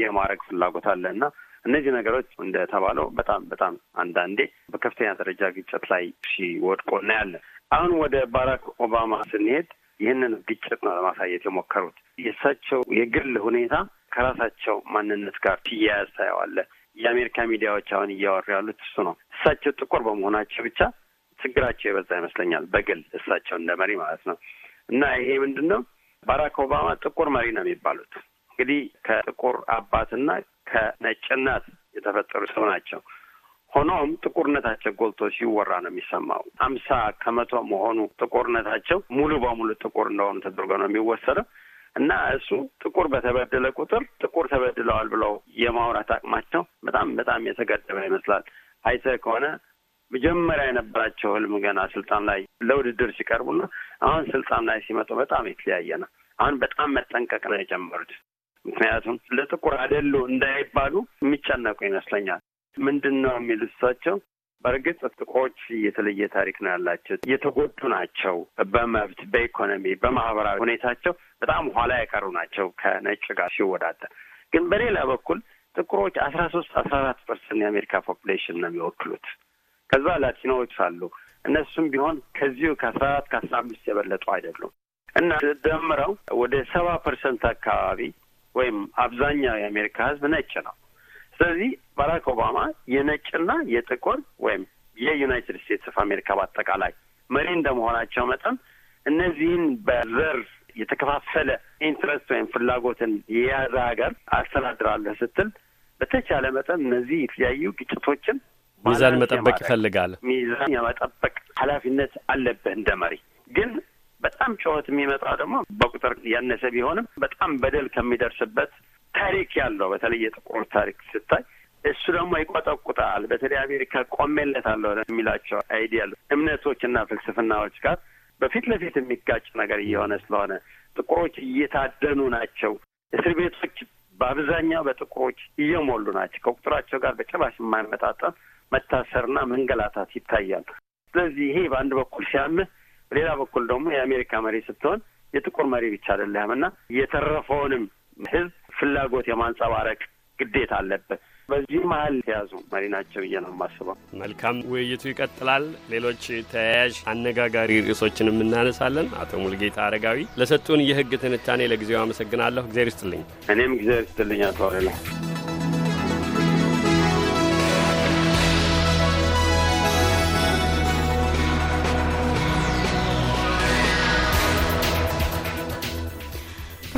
የማድረግ ፍላጎት አለ እና እነዚህ ነገሮች እንደተባለው በጣም በጣም አንዳንዴ በከፍተኛ ደረጃ ግጭት ላይ ሲወድቆ እናያለን። አሁን ወደ ባራክ ኦባማ ስንሄድ ይህንን ግጭት ነው ለማሳየት የሞከሩት። የእሳቸው የግል ሁኔታ ከራሳቸው ማንነት ጋር ትያያዝ ታየዋለህ። የአሜሪካ ሚዲያዎች አሁን እያወሩ ያሉት እሱ ነው። እሳቸው ጥቁር በመሆናቸው ብቻ ችግራቸው የበዛ ይመስለኛል፣ በግል እሳቸው እንደ መሪ ማለት ነው። እና ይሄ ምንድን ነው ባራክ ኦባማ ጥቁር መሪ ነው የሚባሉት እንግዲህ ከጥቁር አባትና ከነጭ እናት የተፈጠሩ ሰው ናቸው። ሆኖም ጥቁርነታቸው ጎልቶ ሲወራ ነው የሚሰማው። አምሳ ከመቶ መሆኑ ጥቁርነታቸው ሙሉ በሙሉ ጥቁር እንደሆኑ ተደርጎ ነው የሚወሰደው እና እሱ ጥቁር በተበደለ ቁጥር ጥቁር ተበድለዋል ብለው የማውራት አቅማቸው በጣም በጣም የተገደበ ይመስላል። አይተ ከሆነ መጀመሪያ የነበራቸው ህልም ገና ስልጣን ላይ ለውድድር ሲቀርቡና አሁን ስልጣን ላይ ሲመጡ በጣም የተለያየ ነው። አሁን በጣም መጠንቀቅ ነው የጀመሩት። ምክንያቱም ለጥቁር አይደሉ እንዳይባሉ የሚጨነቁ ይመስለኛል። ምንድን ነው የሚል እሳቸው በእርግጥ ጥቁሮች የተለየ ታሪክ ነው ያላቸው። የተጎዱ ናቸው። በመብት፣ በኢኮኖሚ፣ በማህበራዊ ሁኔታቸው በጣም ኋላ የቀሩ ናቸው ከነጭ ጋር ሲወዳደር። ግን በሌላ በኩል ጥቁሮች አስራ ሶስት አስራ አራት ፐርሰንት የአሜሪካ ፖፕሌሽን ነው የሚወክሉት። ከዛ ላቲኖዎች አሉ። እነሱም ቢሆን ከዚሁ ከአስራ አራት ከአስራ አምስት የበለጡ አይደሉም እና ደምረው ወደ ሰባ ፐርሰንት አካባቢ ወይም አብዛኛው የአሜሪካ ህዝብ ነጭ ነው። ስለዚህ ባራክ ኦባማ የነጭና የጥቁር ወይም የዩናይትድ ስቴትስ ኦፍ አሜሪካ በአጠቃላይ መሪ እንደመሆናቸው መጠን እነዚህን በዘር የተከፋፈለ ኢንትረስት ወይም ፍላጎትን የያዘ ሀገር አስተዳድራለ ስትል በተቻለ መጠን እነዚህ የተለያዩ ግጭቶችን ሚዛን መጠበቅ ይፈልጋል። ሚዛን የመጠበቅ ኃላፊነት አለብህ እንደ መሪ ግን በጣም ጩኸት የሚመጣ ደግሞ በቁጥር ያነሰ ቢሆንም በጣም በደል ከሚደርስበት ታሪክ ያለው በተለይ የጥቁር ታሪክ ስታይ እሱ ደግሞ ይቆጠቁጣል። በተለይ አሜሪካ ቆሜለታለሁ የሚላቸው አይዲያል እምነቶችና ፍልስፍናዎች ጋር በፊት ለፊት የሚጋጭ ነገር እየሆነ ስለሆነ ጥቁሮች እየታደኑ ናቸው። እስር ቤቶች በአብዛኛው በጥቁሮች እየሞሉ ናቸው። ከቁጥራቸው ጋር በጭራሽ የማይመጣጠን መታሰርና መንገላታት ይታያል። ስለዚህ ይሄ በአንድ በኩል ሲያምህ በሌላ በኩል ደግሞ የአሜሪካ መሪ ስትሆን የጥቁር መሪ ብቻ አይደለም እና የተረፈውንም ህዝብ ፍላጎት የማንጸባረቅ ግዴታ አለበት። በዚህ መሀል ተያዙ መሪ ናቸው ብዬ ነው የማስበው። መልካም ውይይቱ ይቀጥላል። ሌሎች ተያያዥ አነጋጋሪ ርዕሶችንም እናነሳለን። አቶ ሙልጌታ አረጋዊ ለሰጡን የህግ ትንታኔ ለጊዜው አመሰግናለሁ። እግዜር ይስጥልኝ። እኔም እግዜር ይስጥልኝ አቶ አሬላ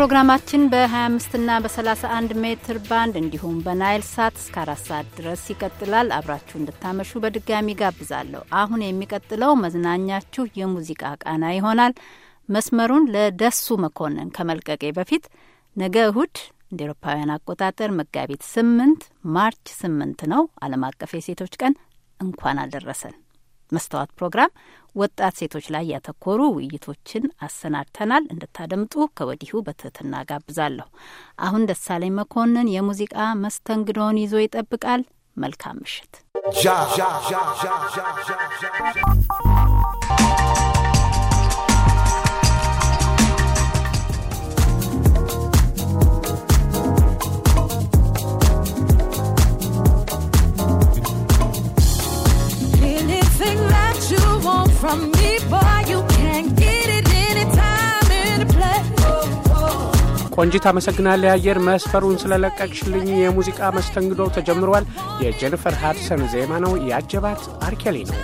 ፕሮግራማችን በ25 እና በ31 ሜትር ባንድ እንዲሁም በናይል ሳት እስከ አራት ሰዓት ድረስ ይቀጥላል። አብራችሁ እንድታመሹ በድጋሚ ጋብዛለሁ። አሁን የሚቀጥለው መዝናኛችሁ የሙዚቃ ቃና ይሆናል። መስመሩን ለደሱ መኮንን ከመልቀቄ በፊት ነገ እሁድ እንደ ኤሮፓውያን አቆጣጠር መጋቢት ስምንት ማርች ስምንት ነው ዓለም አቀፍ የሴቶች ቀን። እንኳን አደረሰን። መስተዋት ፕሮግራም ወጣት ሴቶች ላይ ያተኮሩ ውይይቶችን አሰናድተናል። እንድታደምጡ ከወዲሁ በትህትና ጋብዛለሁ። አሁን ደሳለኝ መኮንን የሙዚቃ መስተንግዶውን ይዞ ይጠብቃል። መልካም ምሽት። Thing that from me, boy, you can get it anytime, any place. ቆንጂት አመሰግናለሁ የአየር መስፈሩን ስለለቀቅሽልኝ። የሙዚቃ መስተንግዶ ተጀምሯል። የጄኒፈር ሃድሰን ዜማ ነው ያጀባት አርኬሊ ነው።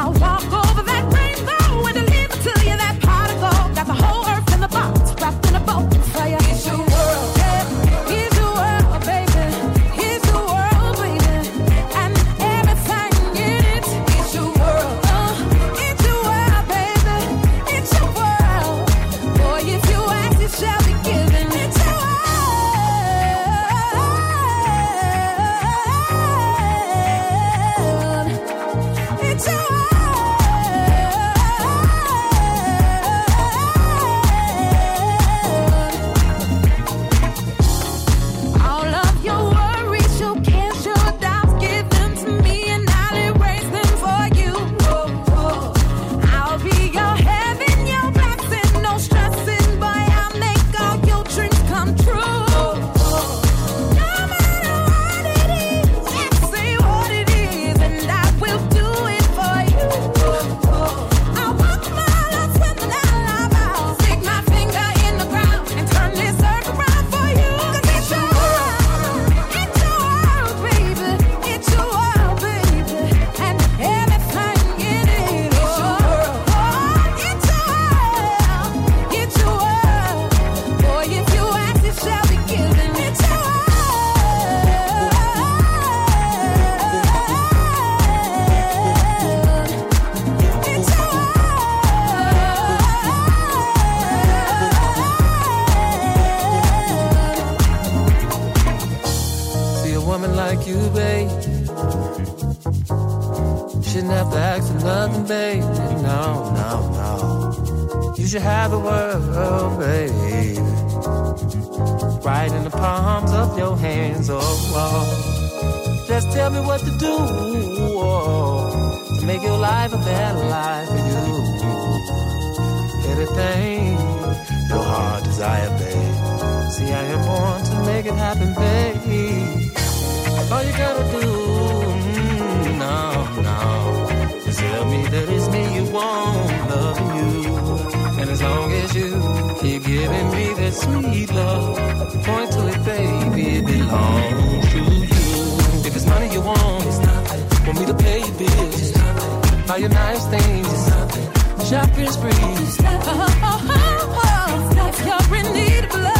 I'll walk over that rainbow and deliver to you that pot of gold. Got the whole what you want. It's nothing. Want me to pay your bills. It's nothing. Buy you nice things. It's nothing. Shopping spree. It's nothing. Oh, oh, oh, oh. It's nothing. If you're in need of love.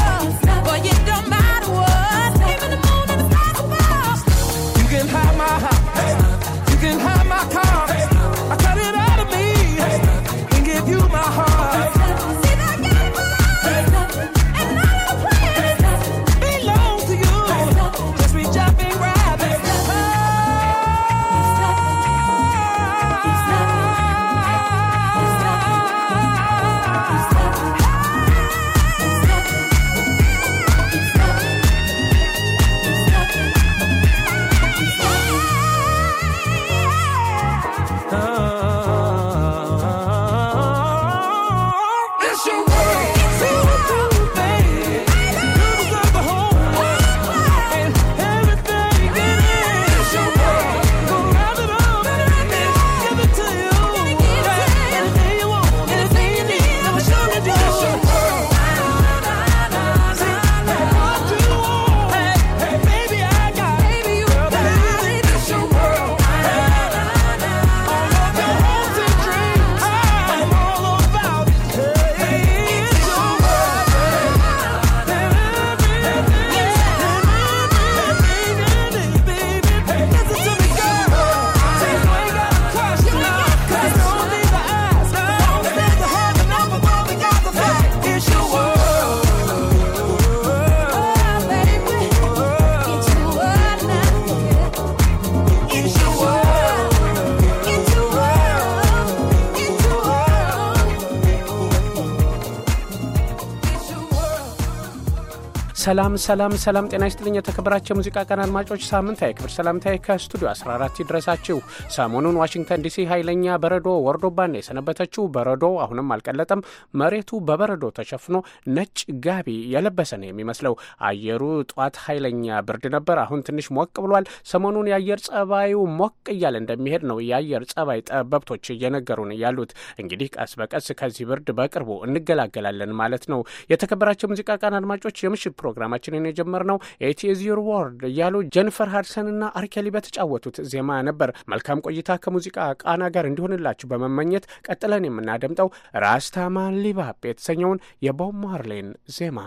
ሰላም ሰላም ሰላም፣ ጤና ይስጥልኝ የተከበራቸው የሙዚቃ ቀን አድማጮች፣ ሳምንታዊ ክብር ሰላምታዊ ከስቱዲዮ 14 ይድረሳችሁ። ሰሞኑን ዋሽንግተን ዲሲ ኃይለኛ በረዶ ወርዶባን የሰነበተችው። በረዶው አሁንም አልቀለጠም። መሬቱ በበረዶ ተሸፍኖ ነጭ ጋቢ የለበሰ ነው የሚመስለው። አየሩ ጧት ኃይለኛ ብርድ ነበር፣ አሁን ትንሽ ሞቅ ብሏል። ሰሞኑን የአየር ጸባዩ ሞቅ እያለ እንደሚሄድ ነው የአየር ጸባይ ጠበብቶች እየነገሩን ያሉት። እንግዲህ ቀስ በቀስ ከዚህ ብርድ በቅርቡ እንገላገላለን ማለት ነው። የተከበራቸው የሙዚቃ ቀን አድማጮች የምሽት ፕሮግራም ፕሮግራማችንን የጀመርነው ኤቲዝ ዩር ወርድ እያሉ ጀኒፈር ሃድሰንና አርኬሊ በተጫወቱት ዜማ ነበር። መልካም ቆይታ ከሙዚቃ ቃና ጋር እንዲሆንላችሁ በመመኘት ቀጥለን የምናደምጠው ራስታማን ሊባፕ የተሰኘውን የቦብ ማርሌን ዜማ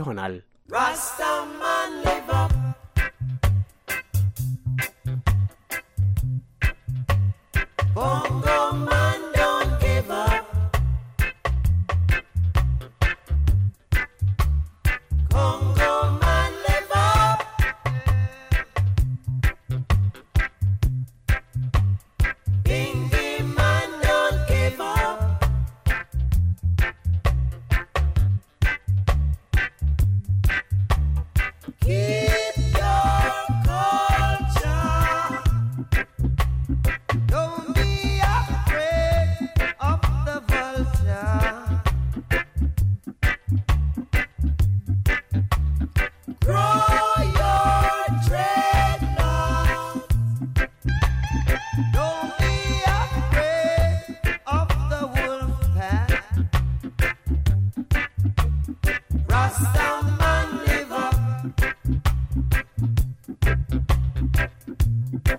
ይሆናል። ራስታማን Thank you.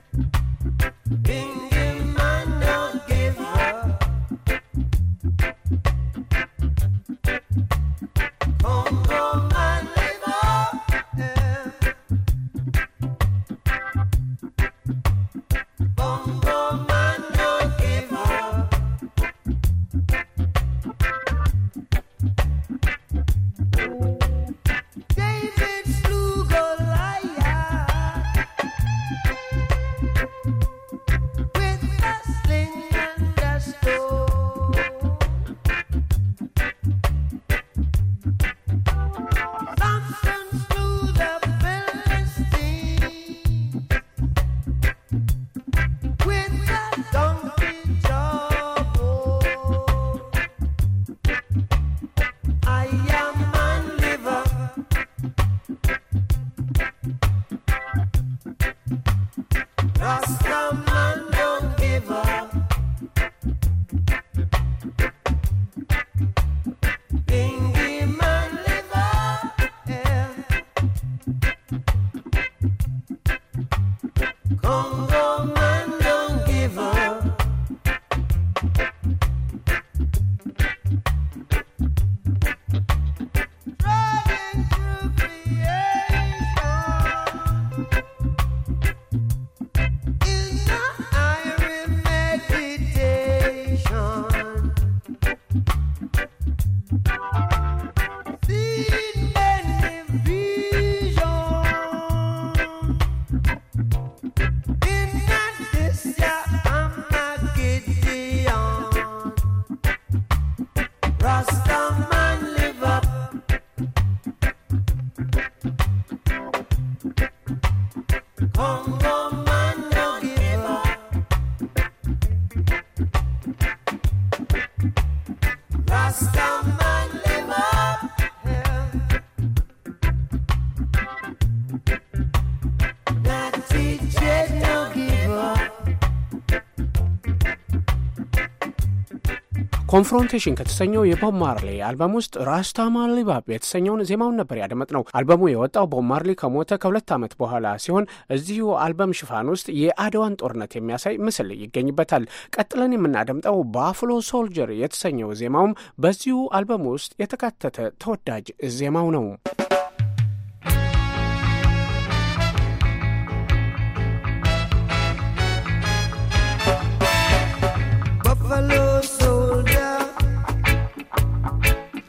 ኮንፍሮንቴሽን ከተሰኘው የቦብ ማርሌ አልበም ውስጥ ራስታ ማሊባብ የተሰኘውን ዜማውን ነበር ያደመጥ ነው። አልበሙ የወጣው ቦብ ማርሌ ከሞተ ከሁለት ዓመት በኋላ ሲሆን እዚሁ አልበም ሽፋን ውስጥ የአድዋን ጦርነት የሚያሳይ ምስል ይገኝበታል። ቀጥለን የምናደምጠው ባፍሎ ሶልጀር የተሰኘው ዜማውም በዚሁ አልበም ውስጥ የተካተተ ተወዳጅ ዜማው ነው።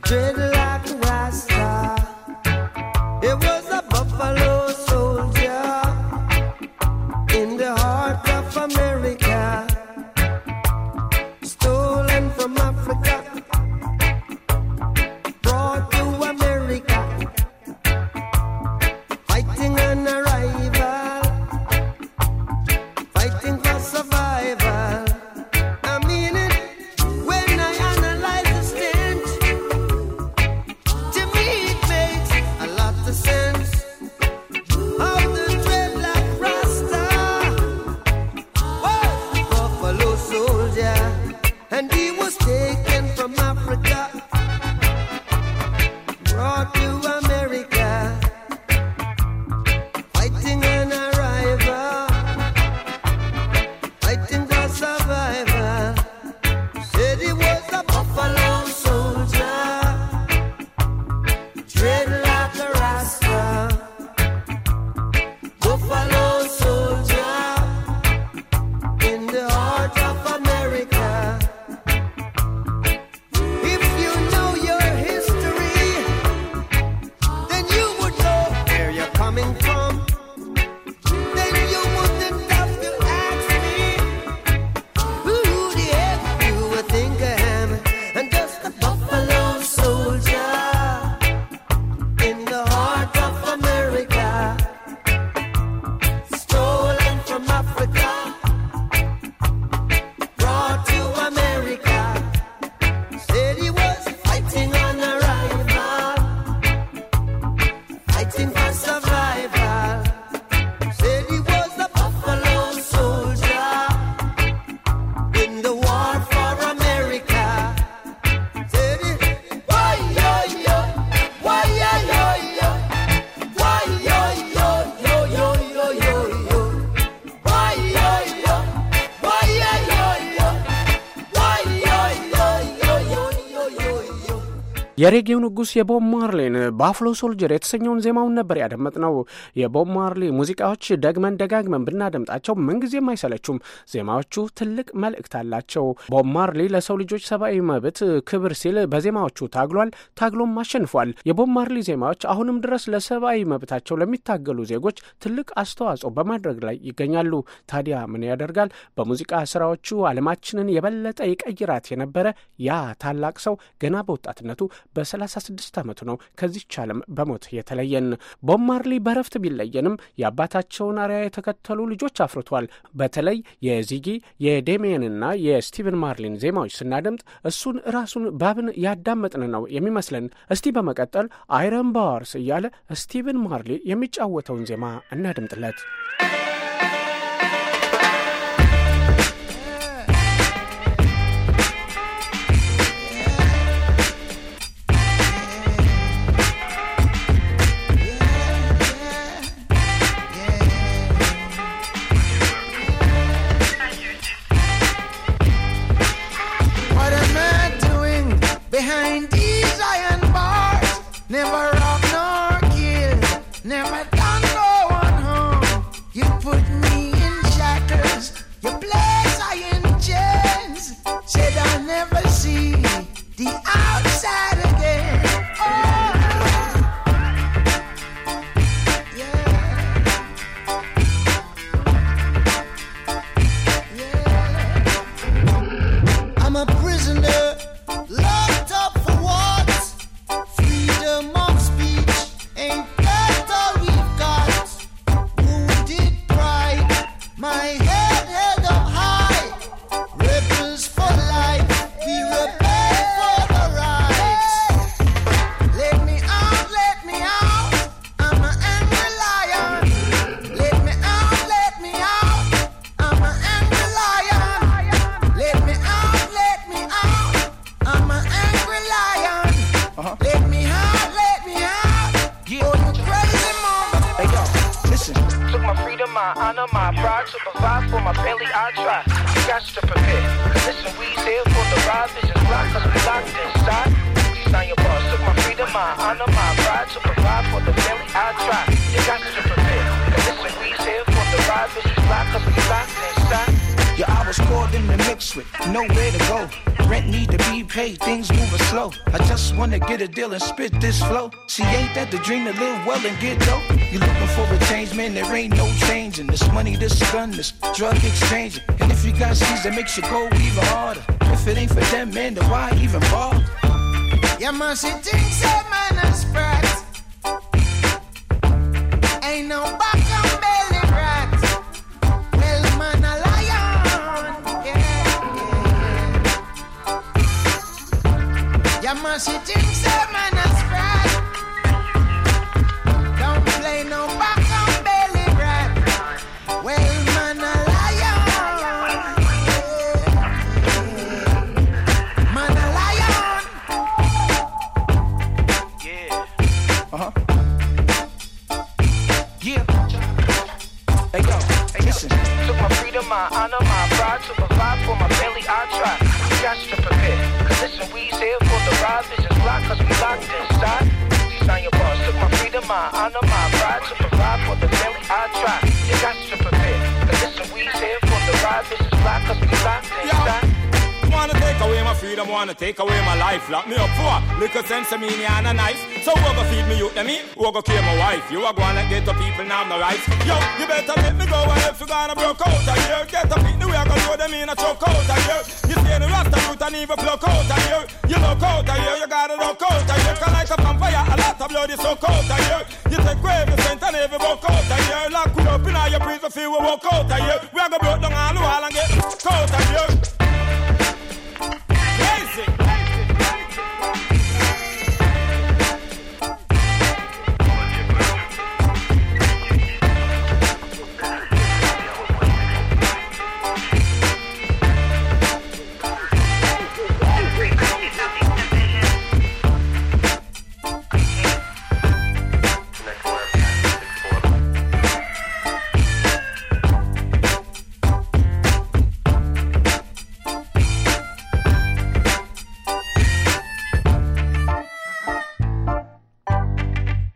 Did የሬጌው ንጉስ የቦብ ማርሌን ባፍሎ ሶልጀር የተሰኘውን ዜማውን ነበር ያደመጥ ነው። የቦብ ማርሌ ሙዚቃዎች ደግመን ደጋግመን ብናደምጣቸው ምንጊዜም አይሰለችም። ዜማዎቹ ትልቅ መልእክት አላቸው። ቦብ ማርሌ ለሰው ልጆች ሰብአዊ መብት ክብር ሲል በዜማዎቹ ታግሏል፣ ታግሎም አሸንፏል። የቦብ ማርሊ ዜማዎች አሁንም ድረስ ለሰብአዊ መብታቸው ለሚታገሉ ዜጎች ትልቅ አስተዋጽኦ በማድረግ ላይ ይገኛሉ። ታዲያ ምን ያደርጋል፣ በሙዚቃ ስራዎቹ አለማችንን የበለጠ ይቀይራት የነበረ ያ ታላቅ ሰው ገና በወጣትነቱ በ36 ዓመቱ ነው ከዚች ዓለም በሞት የተለየን። ቦብ ማርሊ በረፍት ቢለየንም የአባታቸውን አርያ የተከተሉ ልጆች አፍርቷል። በተለይ የዚጊ የዴሚየንና የስቲቨን ማርሊን ዜማዎች ስናደምጥ እሱን ራሱን ባብን ያዳመጥን ነው የሚመስለን። እስቲ በመቀጠል አይረን ባዋርስ እያለ ስቲቨን ማርሊ የሚጫወተውን ዜማ እናድምጥለት። The hour. to provide for my belly, I try. You got to prepare. Listen, we's here for the ride. This is rock, cause we locked inside. Sign your boss, took my freedom, my honor, my pride. To provide for the belly, I try. You got to prepare. Listen, we's here for the ride. This is rock, cause we locked inside. Yeah, I was caught in the mix with nowhere to go. Rent need to be paid, things moving slow. I just wanna get a deal and spit this flow. See, ain't that the dream to live well and get dope? You looking for a change, man, there ain't no change in this money, this gun, this drug exchange. And if you got seeds that makes you go even harder. If it ain't for them, man, then why even bother? Yeah, man, she thinks that man is Ain't nobody she man a lion. Man, a lion. Uh huh. Yeah. Uh-huh. Hey, yo. listen. Took my freedom, my honor, my pride to provide for my I try. We got to prepare. Cause listen, we's here. This is just cause we locked inside. on your boss, took my freedom, my honor, my pride to provide for the family I try. You got to prepare. But listen, we here for the ride. this is block cause we locked inside. Wanna take away my freedom, wanna take away my life. Lock me up for liquor sense of me and a knife. So who go feed me you and me? Who go kill my wife? You are gonna get the people now no rights. Yo, you better let me go and if you gonna broke out of here. Get up in the way I gonna throw them in a choke out of here. You see the rasta root and even flow out of here. You look out of here, you gotta look out of here. Cause like a vampire, a lot of blood is so cold of here. You take away the sent and every walk out of here. Lock you up in all your breeze, we feel we walk out of here. We are gonna broke down all the wall and get out of here.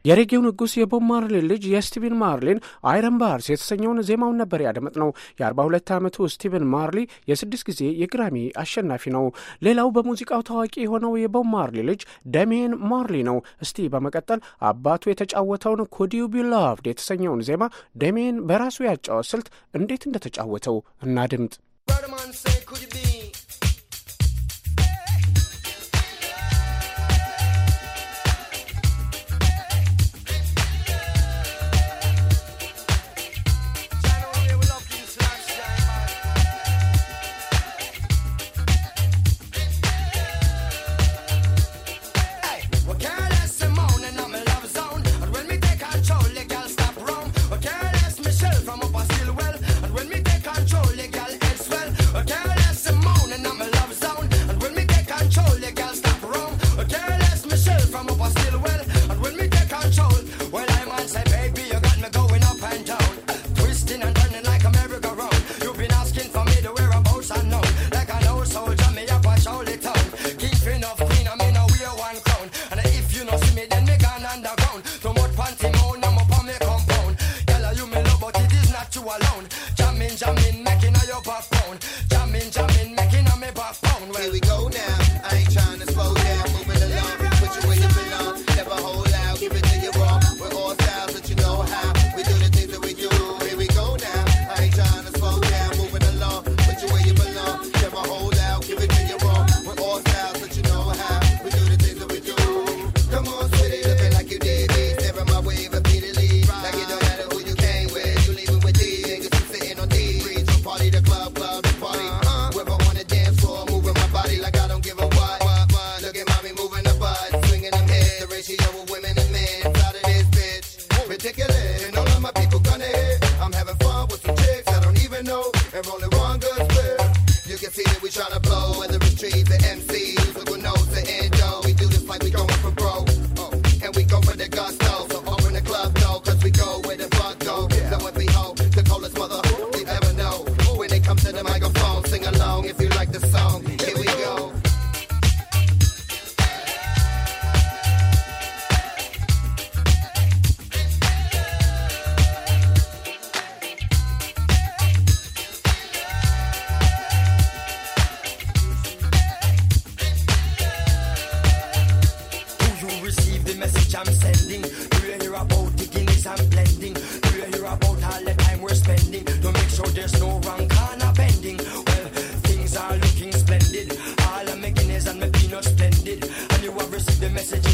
የሬጌው ንጉስ የቦብ ማርሊን ልጅ የስቲቭን ማርሊን አይረን ባርስ የተሰኘውን ዜማውን ነበር ያደመጥ ነው። የ42 ዓመቱ ስቲቭን ማርሊ የስድስት ጊዜ የግራሚ አሸናፊ ነው። ሌላው በሙዚቃው ታዋቂ የሆነው የቦብ ማርሊ ልጅ ደሜን ማርሊ ነው። እስቲ በመቀጠል አባቱ የተጫወተውን ኩድ ላቭድ የተሰኘውን ዜማ ደሜን በራሱ ያጫወት ስልት እንዴት እንደተጫወተው እናድምጥ።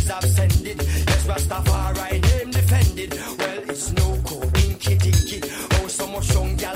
Yes, Rastafari name defended. Well, it's no coinky dinky. Oh, so much younger.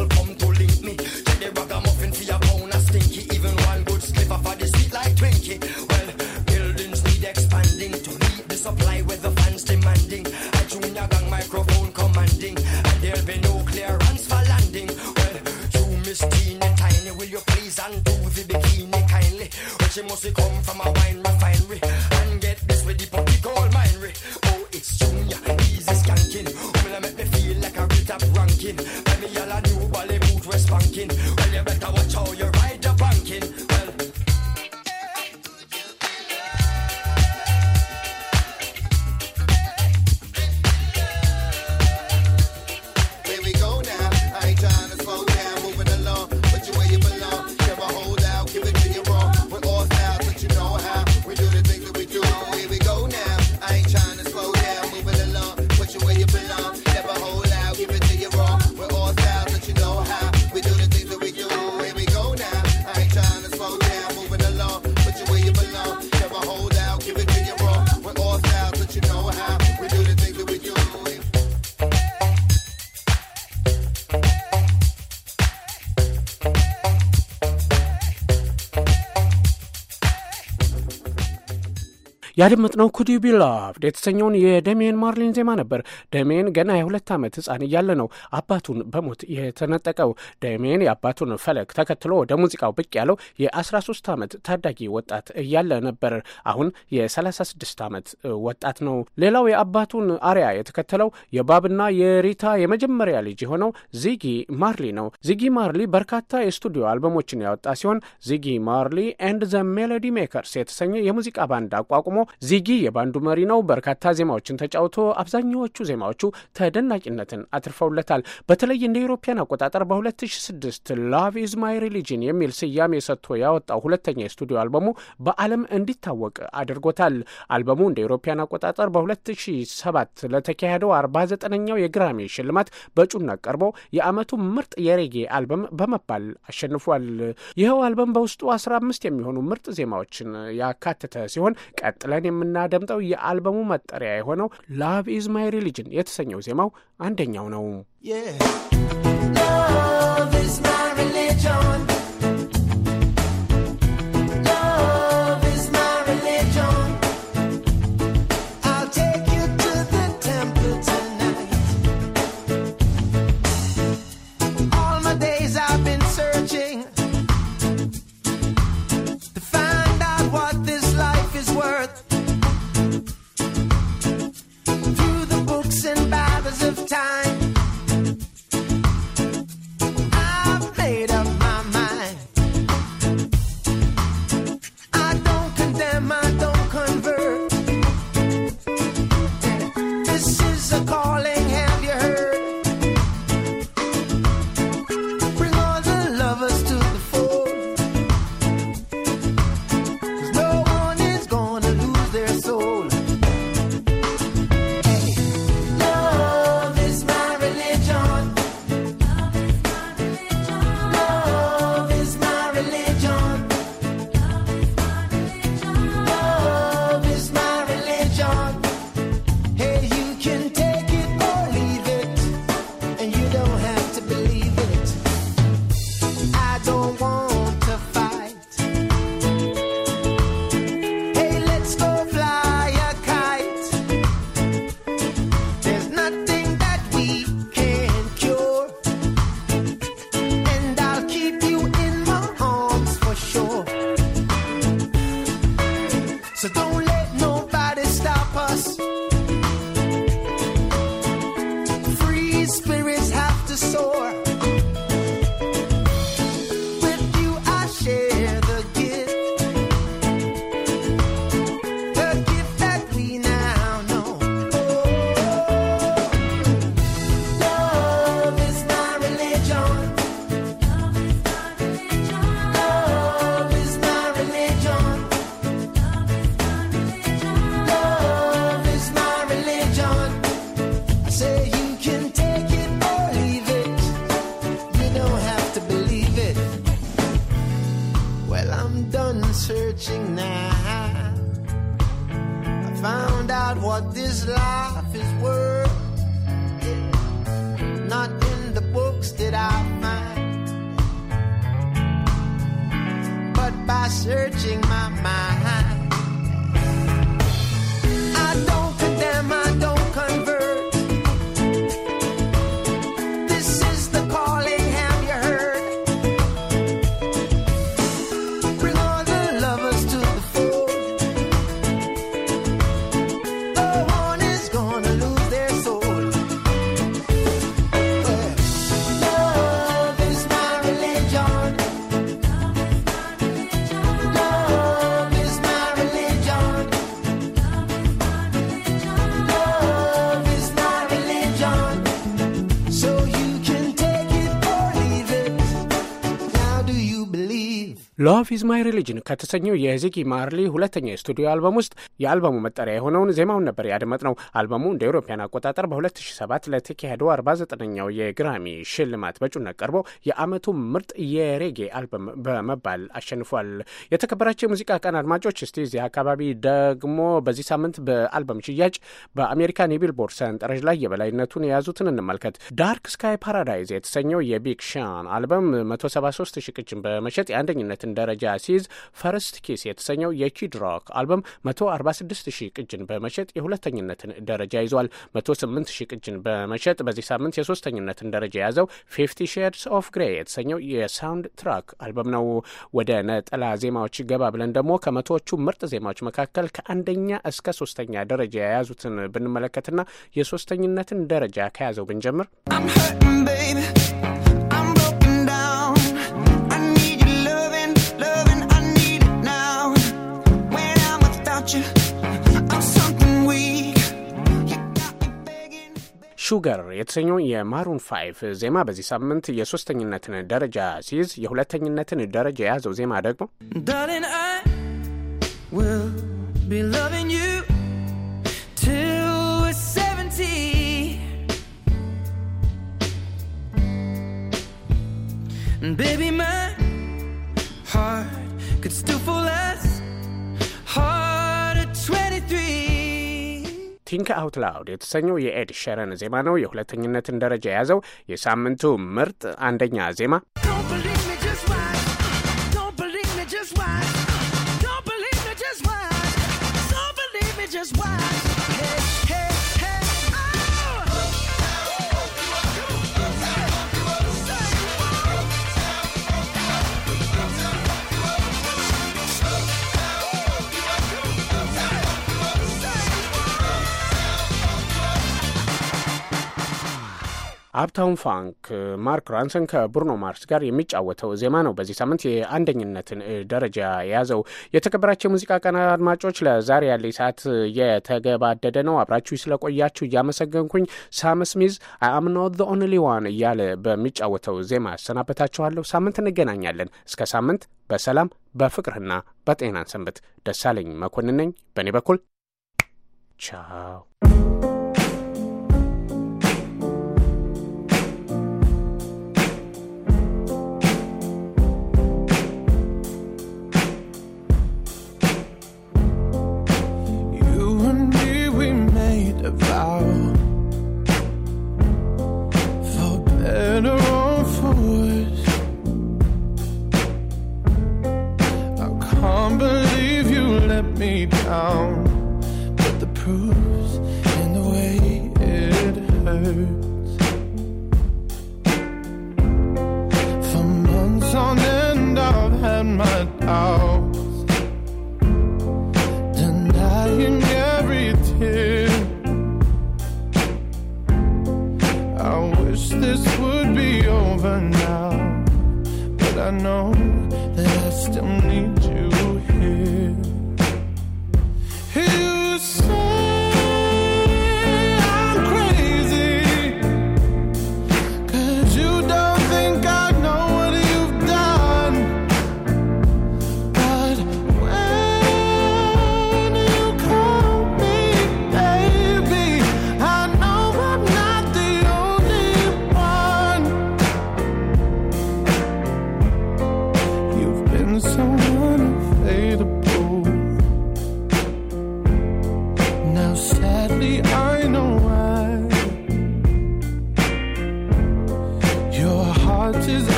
ያደመጥነው ኩዲ ቢላቭድ የተሰኘውን የደሜን ማርሊን ዜማ ነበር። ደሜን ገና የሁለት ዓመት ህፃን እያለ ነው አባቱን በሞት የተነጠቀው። ደሜን የአባቱን ፈለግ ተከትሎ ወደ ሙዚቃው ብቅ ያለው የ13 ዓመት ታዳጊ ወጣት እያለ ነበር። አሁን የ36 ዓመት ወጣት ነው። ሌላው የአባቱን አሪያ የተከተለው የባብና የሪታ የመጀመሪያ ልጅ የሆነው ዚጊ ማርሊ ነው። ዚጊ ማርሊ በርካታ የስቱዲዮ አልበሞችን ያወጣ ሲሆን ዚጊ ማርሊ ኤንድ ዘ ሜሎዲ ሜከርስ የተሰኘ የሙዚቃ ባንድ አቋቁሞ ዚጊ የባንዱ መሪ ነው። በርካታ ዜማዎችን ተጫውቶ አብዛኛዎቹ ዜማዎቹ ተደናቂነትን አትርፈውለታል። በተለይ እንደ ኢሮፓያን አቆጣጠር በ2006 ላቭ ኢዝ ማይ ሪሊጅን የሚል ስያሜ ሰጥቶ ያወጣው ሁለተኛ የስቱዲዮ አልበሙ በዓለም እንዲታወቅ አድርጎታል። አልበሙ እንደ ኢሮፓያን አቆጣጠር በ2007 ለተካሄደው 49ኛው የግራሚ ሽልማት በእጩነት ቀርቦ የአመቱ ምርጥ የሬጌ አልበም በመባል አሸንፏል። ይኸው አልበም በውስጡ 15 የሚሆኑ ምርጥ ዜማዎችን ያካተተ ሲሆን ቀጥላ ቀጥለን የምናደምጠው የአልበሙ መጠሪያ የሆነው ላቭ ኢዝ ማይ ሪሊጅን የተሰኘው ዜማው አንደኛው ነው። ሎቭ ኢዝ ማይ ሪሊጅን ከተሰኘው የዚጊ ማርሊ ሁለተኛ የስቱዲዮ አልበም ውስጥ የአልበሙ መጠሪያ የሆነውን ዜማውን ነበር ያደመጥ ነው። አልበሙ እንደ አውሮፓውያን አቆጣጠር በ2007 ለተካሄደው 49ኛው የግራሚ ሽልማት በእጩነት ቀርቦ የዓመቱ ምርጥ የሬጌ አልበም በመባል አሸንፏል። የተከበራቸው የሙዚቃ ቀን አድማጮች፣ እስቲ እዚህ አካባቢ ደግሞ በዚህ ሳምንት በአልበም ሽያጭ በአሜሪካን የቢልቦርድ ሰንጠረዥ ላይ የበላይነቱን የያዙትን እንመልከት። ዳርክ ስካይ ፓራዳይዝ የተሰኘው የቢግ ሻን አልበም 173 ሺህ ቅጅን በመሸጥ የአንደኝነትን ደረጃ ሲይዝ ፈርስት ኪስ የተሰኘው የኪድ ሮክ አልበም 146 ሺህ ቅጅን በመሸጥ የሁለተኝነትን ደረጃ ይዟል። 108 ሺህ ቅጅን በመሸጥ በዚህ ሳምንት የሶስተኝነትን ደረጃ የያዘው ፊፍቲ ሼድስ ኦፍ ግሬ የተሰኘው የሳውንድ ትራክ አልበም ነው። ወደ ነጠላ ዜማዎች ገባ ብለን ደግሞ ከመቶዎቹ ምርጥ ዜማዎች መካከል ከአንደኛ እስከ ሶስተኛ ደረጃ የያዙትን ብንመለከትና የሶስተኝነትን ደረጃ ከያዘው ብንጀምር ሹገር የተሰኘው የማሩን ፋይፍ ዜማ በዚህ ሳምንት የሶስተኝነትን ደረጃ ሲይዝ የሁለተኝነትን ደረጃ የያዘው ዜማ ደግሞ Baby, my heart could still fall as hard ቲንክ አውት ላውድ የተሰኘው የኤድ ሸረን ዜማ ነው። የሁለተኝነትን ደረጃ የያዘው የሳምንቱ ምርጥ አንደኛ ዜማ አፕታውን ፋንክ ማርክ ራንሰን ከብሩኖ ማርስ ጋር የሚጫወተው ዜማ ነው በዚህ ሳምንት የአንደኝነትን ደረጃ የያዘው። የተከበራቸው የሙዚቃ ቀን አድማጮች፣ ለዛሬ ያለ ሰዓት የተገባደደ ነው። አብራችሁ ስለቆያችሁ እያመሰገንኩኝ ሳም ስሚዝ አይ አም ኖት ዘ ኦንሊ ዋን እያለ በሚጫወተው ዜማ ያሰናበታችኋለሁ። ሳምንት እንገናኛለን። እስከ ሳምንት በሰላም በፍቅርና በጤናን ሰንበት። ደሳለኝ መኮንን ነኝ በእኔ በኩል ቻው። me down. But the proof's in the way it hurts. For months on end, I've had my doubts, denying every tear. I wish this would be over now, but I know that I still need you here say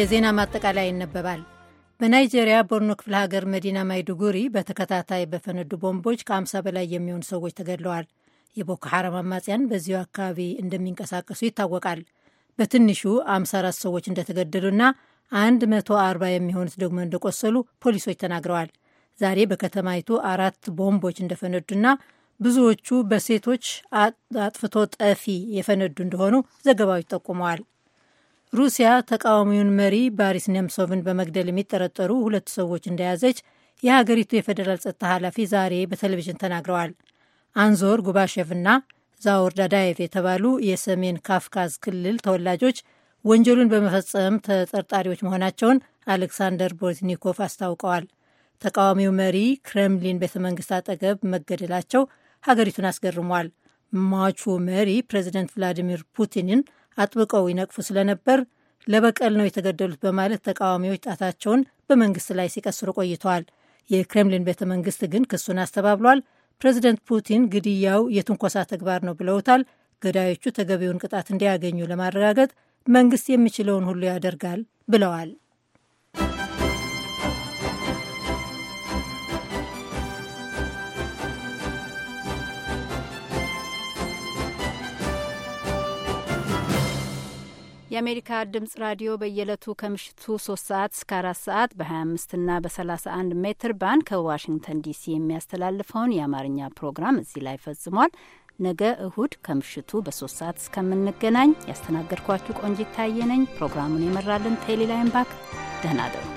የዜና ማጠቃለያ ይነበባል። በናይጄሪያ ቦርኖ ክፍለ ሀገር መዲና ማይዱጉሪ በተከታታይ በፈነዱ ቦምቦች ከ50 በላይ የሚሆኑ ሰዎች ተገድለዋል። የቦኮ ሐራም አማጽያን በዚሁ አካባቢ እንደሚንቀሳቀሱ ይታወቃል። በትንሹ 54 ሰዎች እንደተገደሉና 140 የሚሆኑት ደግሞ እንደቆሰሉ ፖሊሶች ተናግረዋል። ዛሬ በከተማይቱ አራት ቦምቦች እንደፈነዱና ብዙዎቹ በሴቶች አጥፍቶ ጠፊ የፈነዱ እንደሆኑ ዘገባዎች ጠቁመዋል። ሩሲያ ተቃዋሚውን መሪ ቦሪስ ኔምሶቭን በመግደል የሚጠረጠሩ ሁለት ሰዎች እንደያዘች የሀገሪቱ የፌዴራል ጸጥታ ኃላፊ ዛሬ በቴሌቪዥን ተናግረዋል። አንዞር ጉባሼቭና ዛወር ዳዳየቭ የተባሉ የሰሜን ካፍካዝ ክልል ተወላጆች ወንጀሉን በመፈጸም ተጠርጣሪዎች መሆናቸውን አሌክሳንደር ቦዝኒኮቭ አስታውቀዋል። ተቃዋሚው መሪ ክሬምሊን ቤተ መንግስት አጠገብ መገደላቸው ሀገሪቱን አስገርሟል። ማቹ መሪ ፕሬዚደንት ቭላዲሚር ፑቲንን አጥብቀው ይነቅፉ ስለነበር ለበቀል ነው የተገደሉት በማለት ተቃዋሚዎች ጣታቸውን በመንግስት ላይ ሲቀስሩ ቆይተዋል። የክሬምሊን ቤተ መንግስት ግን ክሱን አስተባብሏል። ፕሬዚደንት ፑቲን ግድያው የትንኮሳ ተግባር ነው ብለውታል። ገዳዮቹ ተገቢውን ቅጣት እንዲያገኙ ለማረጋገጥ መንግስት የሚችለውን ሁሉ ያደርጋል ብለዋል። የአሜሪካ ድምጽ ራዲዮ በየዕለቱ ከምሽቱ 3 ሰዓት እስከ 4 ሰዓት በ25 እና በ31 ሜትር ባንድ ከዋሽንግተን ዲሲ የሚያስተላልፈውን የአማርኛ ፕሮግራም እዚህ ላይ ፈጽሟል። ነገ እሁድ ከምሽቱ በሶስት ሰዓት እስከምንገናኝ ያስተናገድኳችሁ ቆንጂት ታየ ነኝ። ፕሮግራሙን የመራልን ቴሌላይም ባክ። ደህና ደሩ።